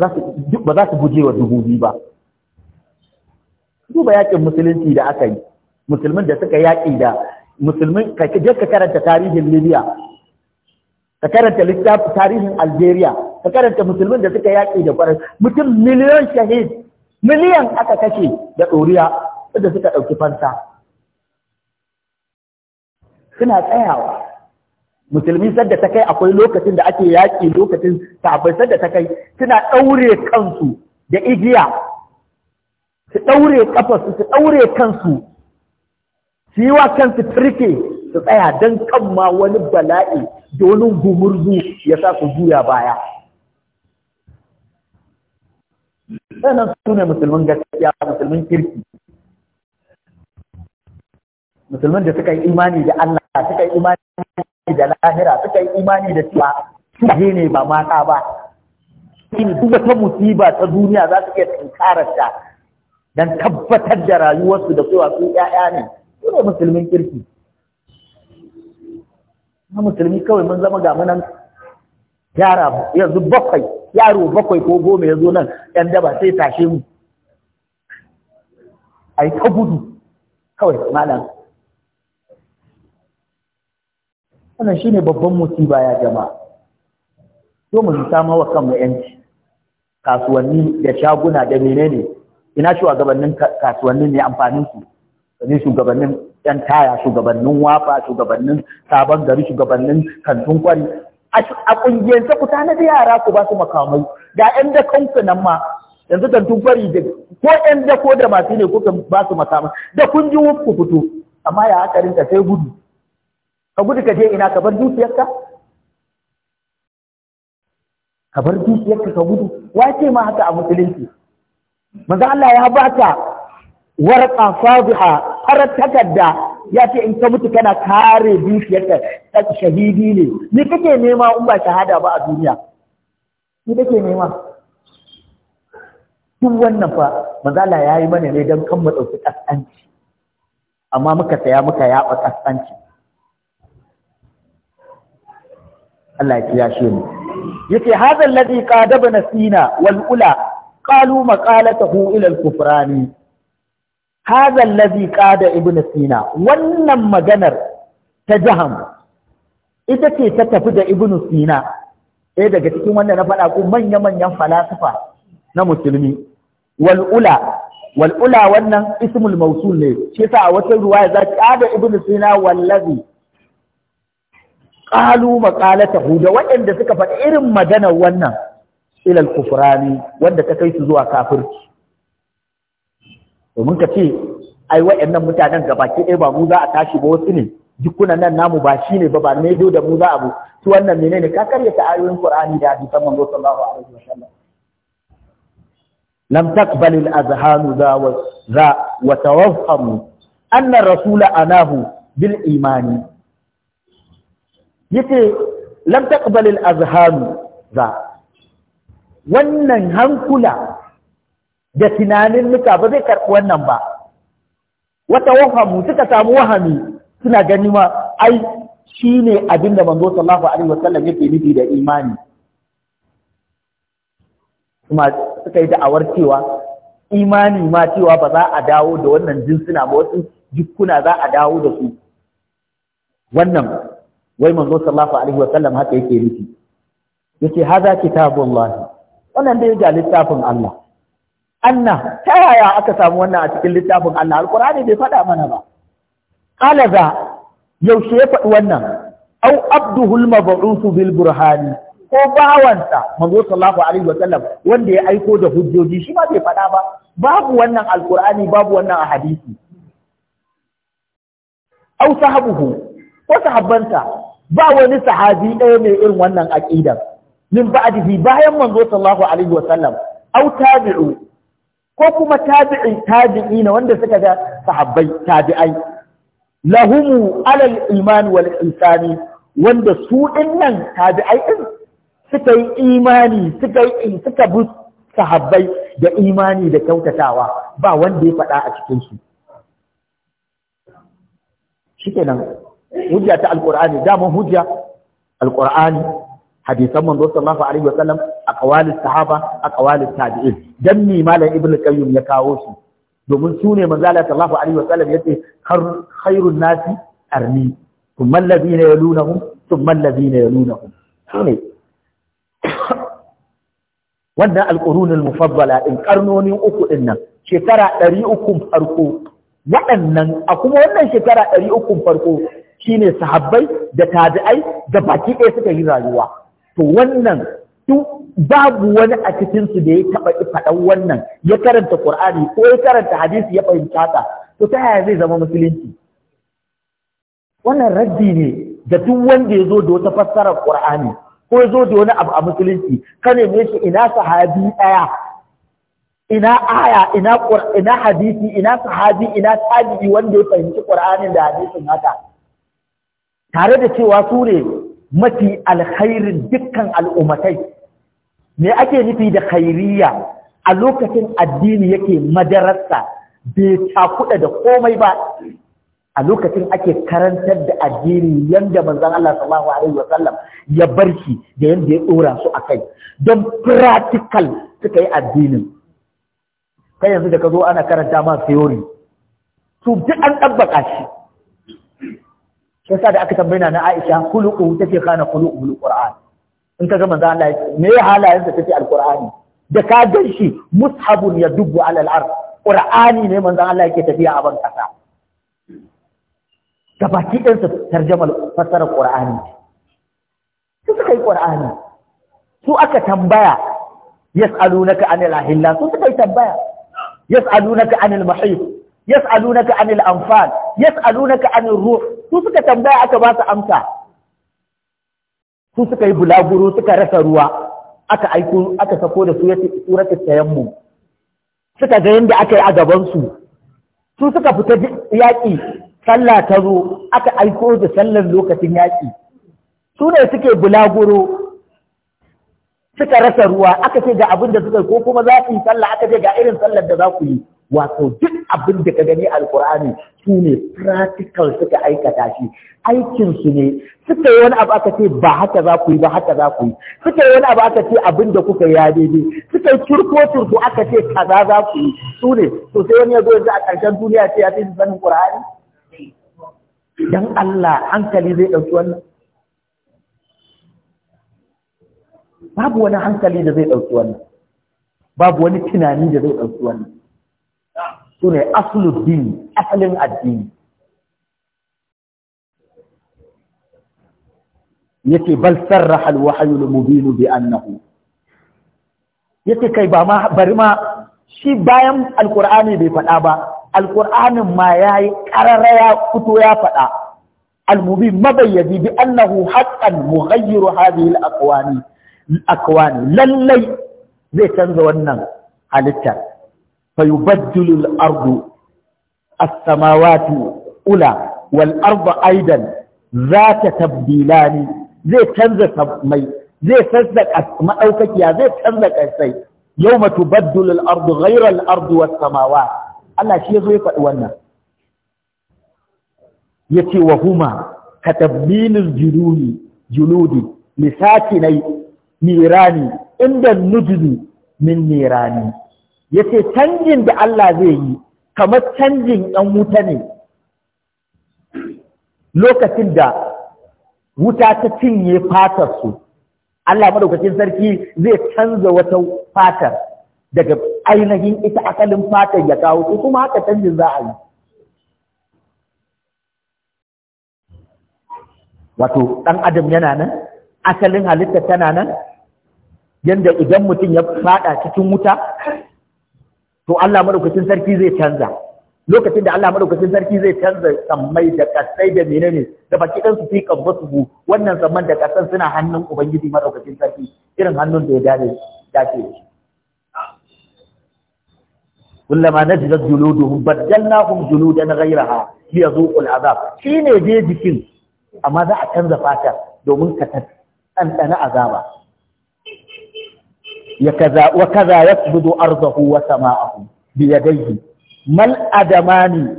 za su guje wa dubu biyu ba duba yakin musulunci da aka yi musulmin da suka yaƙi da musulmin ka ka karanta tarihin libya ka karanta littafi tarihin algeria ka karanta musulmin da suka yaƙi da ƙwarar mutum miliyan shahid miliyan aka kashe da ɗoriya da suka ɗauki fansa suna tsayawa musulmi sadda ta kai akwai lokacin da ake yaƙi lokacin sahabbai sadda ta kai suna ɗaure kansu da igiya su ɗaure ƙafarsu su ɗaure kansu su yi wa kansu turke su tsaya don kan ma wani bala'i da wani gumurzu ya sa su juya baya sannan su ne musulmin gaskiya musulmin kirki musulmin da suka yi imani da Allah suka yi imani da lahira suka yi imani da cewa su ne ba mata ba duk wata musiba ta duniya za su iya tunkararta? don tabbatar da rayuwarsu da cewa su ‘ya'ya ne, su ne musulmin kirki. Na musulmi kawai mun zama ga munan yara yanzu bakwai, yaro bakwai ko goma ya zo nan ‘yan daba sai tashe mu. A ta gudu kawai malam. Wannan shi ne babban musiba baya jama'a. Zo mu samu wa kanmu ‘yanci, kasuwanni da shaguna da menene ina shugabannin kasuwannin ne amfanin su ne shugabannin yan taya shugabannin wafa shugabannin sabon gari shugabannin kantun kwari a kungiyar ta kusa na da yara ku ba su makamai da yan da kanku nan ma yanzu kantun kwari da ko yan da ko da masu ne kuka ba su makamai da kun ji ku fito amma ya aka rinka sai gudu ka gudu ka je ina ka bar dukiyarka ka bar dukiyarka ka gudu wace ma haka a musulunci Maza Allah ya baka warqa a ƙarar takarda ya ce in ka mutu kana kare dukiyarka ta shahidi ne ni kake nema in ba shahada ba a duniya ni kake nema duk wannan fa maza Allah ya yi mana ne don kan mu amma muka saya muka yaɓa ƙasƙanci. Allah ya kiyashe mu Yake hazan ladi ƙadaba na sina wal'ula qalu maqalatahu ila kufrani hadha alladhi qada ibn sina wannan maganar ta jaham ita ce ta tafi da ibn sina Eh daga cikin wanda na faɗa ku manya-manyan falasifa na musulmi wal'ula wannan ismul mausul ne shi yasa a wata ruwaya za ta da Ibn sina wallazi qalu maqalatahu da waɗanda suka faɗi irin maganar wannan ilal kufrani wanda ta kai su zuwa kafirci domin ka ce ai wa'annan mutanen ga baki ɗaya ba mu za a tashi ba wasu ne jikunan nan namu ba shi ne ba ba ne da mu za a bu su wannan menene ka karya ta ayoyin qur'ani da hadisan manzo sallallahu alaihi wasallam lam taqbal al azhan za wa za wa tawaffamu anna rasula anahu bil imani yace lam taqbal al azhan za wannan hankula da tunanin nuka ba zai karɓi wannan ba wata wahamu suka samu wahami suna gani ma ai shi ne abin da manzo sallallahu alaihi wasallam yake nufi da imani kuma suka yi da'awar cewa imani ma cewa ba za a dawo da wannan jinsuna ba wasu jikuna za a dawo da su wannan wai manzo sallallahu alaihi wasallam haka yake nufi yace hadha kitabullah wannan dai ga littafin Allah anna ta yaya aka samu wannan a cikin littafin Allah alqur'ani bai faɗa mana ba qala za yaushe ya faɗi wannan au abduhul mab'uthu bil burhani ko bawansa manzo sallallahu alaihi wa sallam wanda ya aiko da hujjoji shi ma bai faɗa ba babu wannan alqur'ani babu wannan hadisi au sahabuhu ko sahabbansa ba wani sahabi ɗaya mai irin wannan aqidan min ba'dihi bayan manzo sallallahu alaihi wa sallam aw tabi'u ko kuma tabi'in tabi'i na wanda suka ga sahabbai tabi'ai lahumu alal iman wal wanda su dinnan tabi'ai din suka yi imani suka yi suka bi sahabbai da imani da kyautatawa ba wanda ya faɗa a cikin su shikenan hujja ta alqur'ani da mun hujja alqur'ani hadisan manzo sallallahu alaihi wa sallam aqwalis sahaba aqwalis tabi'in dan ni malam ibnu qayyim ya kawo su domin su ne manzo sallallahu alaihi wa sallam yace khairun nasi arni ثم الذين يلونهم ثم الذين يلونهم shine wannan alqurunul mufaddala in karnonin uku din nan shekara 300 farko waɗannan a kuma wannan shekara 300 farko shine sahabbai da tabi'ai da baki ɗaya suka yi rayuwa to wannan duk babu wani a cikinsu da ya taɓa faɗan wannan ya karanta Qur'ani ko ya karanta hadisi ya fahimta ta, to ta yaya zai zama musulunci wannan raddi ne da duk wanda ya zo da wata fassarar Qur'ani ko ya zo da wani abu a musulunci ka neme shi ina sahabi ɗaya ina aya ina ina hadisi ina sahabi ina tabi'i wanda ya fahimci Qur'anin da hadisin haka tare da cewa su ne mafi alkhairin dukkan al'ummatai me ake nufi da khairiyya a lokacin addini yake madararsa bai cakuɗa da komai ba a lokacin ake karantar da addini yanda manzan Allah sallallahu alaihi wasallam ya shi da yadda ya ɗora su a kai don practical suka yi addinin kai yanzu da ka zo ana karanta ma theory to duk an tabbaka shi yasa da aka tambayina na Aisha kuluku tace kana kuluku bil Qur'an in ka ga manzo Allah me ya halayen da tace alqur'ani da ka ganshi mushabun yadubu ala al-ard qur'ani ne manzo Allah yake tafiya a ban kasa gabaki ɗin su tarjama fassarar qur'ani su suka yi qur'ani su aka tambaya yas'alunaka anil ahilla su suka yi tambaya yas'alunaka anil mahid yas'alunaka anil anfal yas'alunaka anil ruh su suka tambaya aka ba su amsa su suka yi bulaguro suka rasa ruwa aka aiko aka sako da surata tayammu suka ga yadda aka yi a gabansu su suka fita yaƙi sallah ta zo aka aiko da sallar lokacin yaƙi su ne suke bulaguro suka rasa ruwa aka ce ga abin da suka ko kuma za su yi sallah aka ce ga irin sallar da za ku yi wato duk abin da ka gani alkur'ani su ne practical suka aikata shi aikinsu ne suka yi wani abu aka ce ba haka za ku yi ba haka za ku yi suka yi wani abu aka ce abin da kuka ya daidai suka yi turko turko aka ce kaza za ku yi su ne to sai wani ya zo yanzu a ƙarshen duniya ce ya fi sanin qur'ani dan Allah hankali zai ɗauki wannan babu wani hankali da zai ɗauki wannan babu wani tunani da zai ɗauki wannan su ne asuluddin asalin addini yake bal sarraha alwahyu bi annahu yake kai ba ma bari ma shi bayan alƙur'ani bai faɗa ba alƙur'anin ma yayi karara ya fito ya faɗa almubin mabayyadi bi annahu haqqan mughayyiru hadhihi alaqwani lallai zai canza wannan halittar فيبدل الأرض السماوات أولى والأرض أيضا ذات تبديلان زي تنزل مي زي تنزل أوكك يا زي تنزل أسي يوم تبدل الأرض غير الأرض والسماوات الله شيء زي فأولنا يتي وهما كتبديل الجلود جلود لساكني نيراني عند النجد من نيراني ya ce canjin da Allah zai yi kamar canjin ‘yan wuta ne lokacin da wuta ta cinye fatarsu Allah madaukakin sarki zai canza wata fatar daga ainihin ita asalin fatar ya kawo su kuma haka canjin za a yi wato ɗan adam yana nan asalin halitta tana nan yadda idan mutum ya fada cikin wuta to Allah madaukakin sarki zai canza lokacin da Allah madaukakin sarki zai canza sammai da kasai da menene da baki su fika basu wannan zaman da kasan suna hannun ubangiji madaukakin sarki irin hannun da ya dace dace kullama najadat juluduhum baddalnahum juludan ghayraha liyazuqul azab shine je jikin amma za a canza fata domin ka tantana azaba يكذا وكذا يسجد أرضه وسماءه بيديه ما الأدمان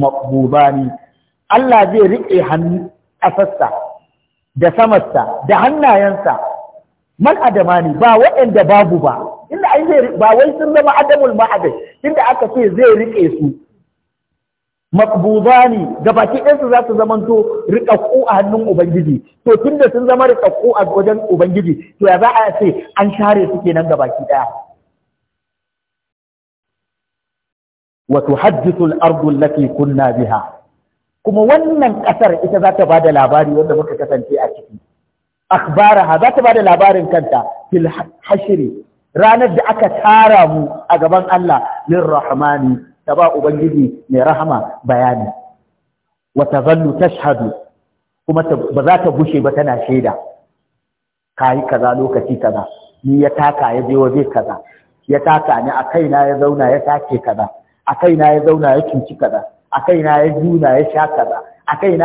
مقبوضان الله زي رئي هن أسسا da samarsa da hannayensa man adama ne ba waɗanda babu ba inda ai zai ba wai sun zama adamul ma'adai inda aka ce zai rike su maqbudani ga baki ɗansu za su zamanto riƙaƙƙu a hannun ubangiji to tunda sun zama riƙaƙƙu a wajen ubangiji to ya za a ce an share su kenan ga baki ɗaya wa tuhaddisu al-ardu allati kunna biha kuma wannan ƙasar ita za ta ba da labari wanda muka kasance a ciki akhbaraha za ta ba da labarin kanta fil hashri ranar da aka tara mu a gaban Allah Rahmani. ta ba ubangiji mai rahama bayani Wata wa ta shahadu, kuma ba za ta bushe ba tana shaida Ka yi kaza lokaci kaza ni ya taka ya je waje kaza ya taka ni a kaina ya zauna ya sake kaza a kaina ya zauna ya cuci kaza a kaina ya juna ya sha kaza a kaina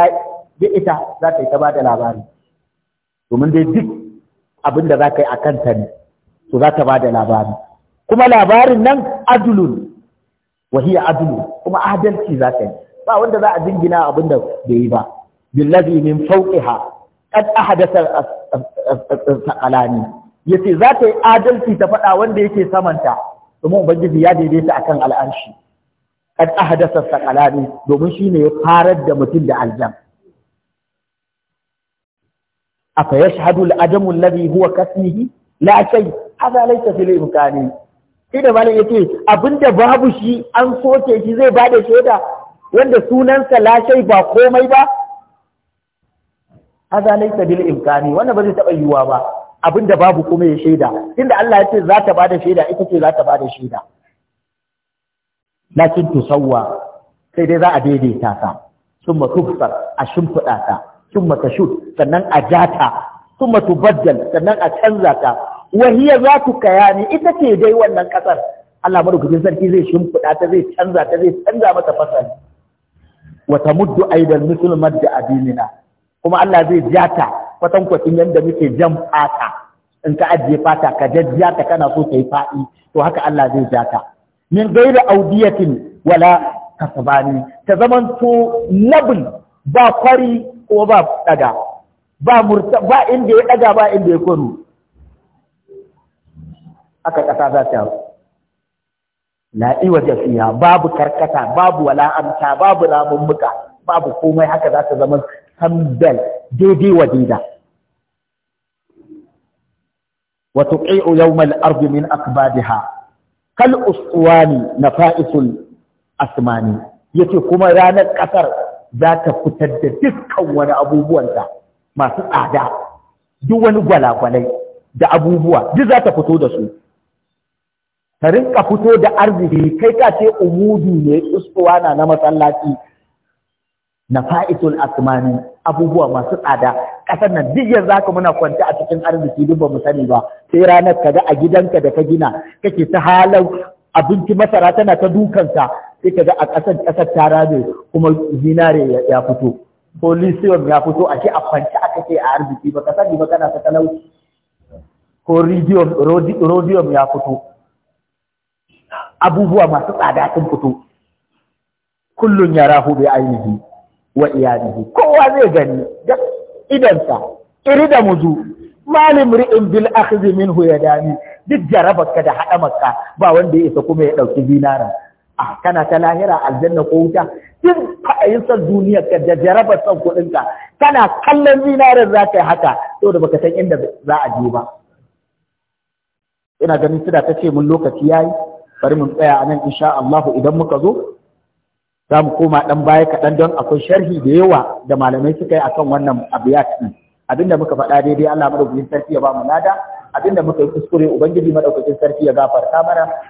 ya ita za ta yi ta ba da labari domin dai duk abin da za ka yi a kanta ne to za ta ba da labari kuma labarin nan adulun wa hiya adlu kuma adalci za ka yi ba wanda za a jingina abin da bai yi ba billazi min fawqiha qad ahdatha saqalani yace za ta yi adalci ta faɗa wanda yake samanta domin ubangiji ya daidaita akan al'arshi qad ahdatha saqalani domin shine ya farar da mutum da aljan afa yashhadu al-adamu alladhi huwa kasmihi la shay hada laysa fil imkani sai da malam abin da babu shi an soke shi zai bada shaida wanda sunansa lashai ba komai ba haza laysa bil imkani wannan ba zai taba yiwuwa ba abinda babu kuma ya shaida tunda Allah ya ce za ta bada shaida ita ce za ta bada shaida lakin tusawwa sai dai za a daidaita ta sun tufsar a shimfiɗa ta sun matashut sannan a jata sun ma tubaddal sannan a canza ta wahiya za ku kaya ne ita ce dai wannan ƙasar Allah madaukakin sarki zai shimfiɗa ta zai canza ta zai canza mata fasali Wata muddu aidan musulmat da adinina kuma Allah zai ja ta kwatankwacin yadda muke jan fata in ka ajiye fata ka jajja ta kana so ta yi faɗi to haka Allah zai ja ta min gaira audiyatin wala kasbani ta to nabin ba kwari ko ba daga ba murta ba inda ya daga ba inda ya kwaro aka ƙasa za ta yaro la iwaja babu karkata babu wala'anta babu muka, babu komai haka za ta zama sambel daidai wadida wa tuqi'u yawmal ardi min akbadiha kal na nafa'isul asmani yace kuma ranar ƙasar za ta fitar da dukkan wani abubuwanta masu tsada duk wani gwalagwalai da abubuwa duk za ta fito da su ka rinka fito da arziki kai ka ce umudu ne tsustowa na na masallaci na fa'itul asmani abubuwa masu tsada ƙasar nan duk yanzu ka muna kwanta a cikin arziki duk ba mu sani ba sai ranar kaga a gidanka da ka gina kake ta halar abinci masara tana ta dukanka sai kaga a ƙasar ƙasar ta rame kuma zinare ya fito ya fito a ce a aka a arziki ba ka sani ba kana ta ko rhodium ya fito abubuwa masu tsada sun fito kullun rahu bi ainihi wa iyalihi kowa zai gani da idansa iri da muzu malim ri'in bil akhdhi minhu dani duk jarabar ka da haɗa maka ba wanda ya isa kuma ya ɗauki zinara. a kana ta lahira aljanna ko wuta duk fa'ayin san duniyar ka da jarabar san kuɗin ka kana kallon zinarar za ka yi haka saboda baka san inda za a je ba ina ganin suna ta ce mun lokaci yayi bari mu tsaya a nan insha Allah idan muka zo za mu koma ɗan baya kaɗan don akwai sharhi da yawa da malamai suka yi akan wannan abiyat ɗin abinda muka faɗa daidai Allah madaukakin sarki ya ba mu lada abinda muka yi kuskure ubangiji madaukakin sarki ya gafarta mana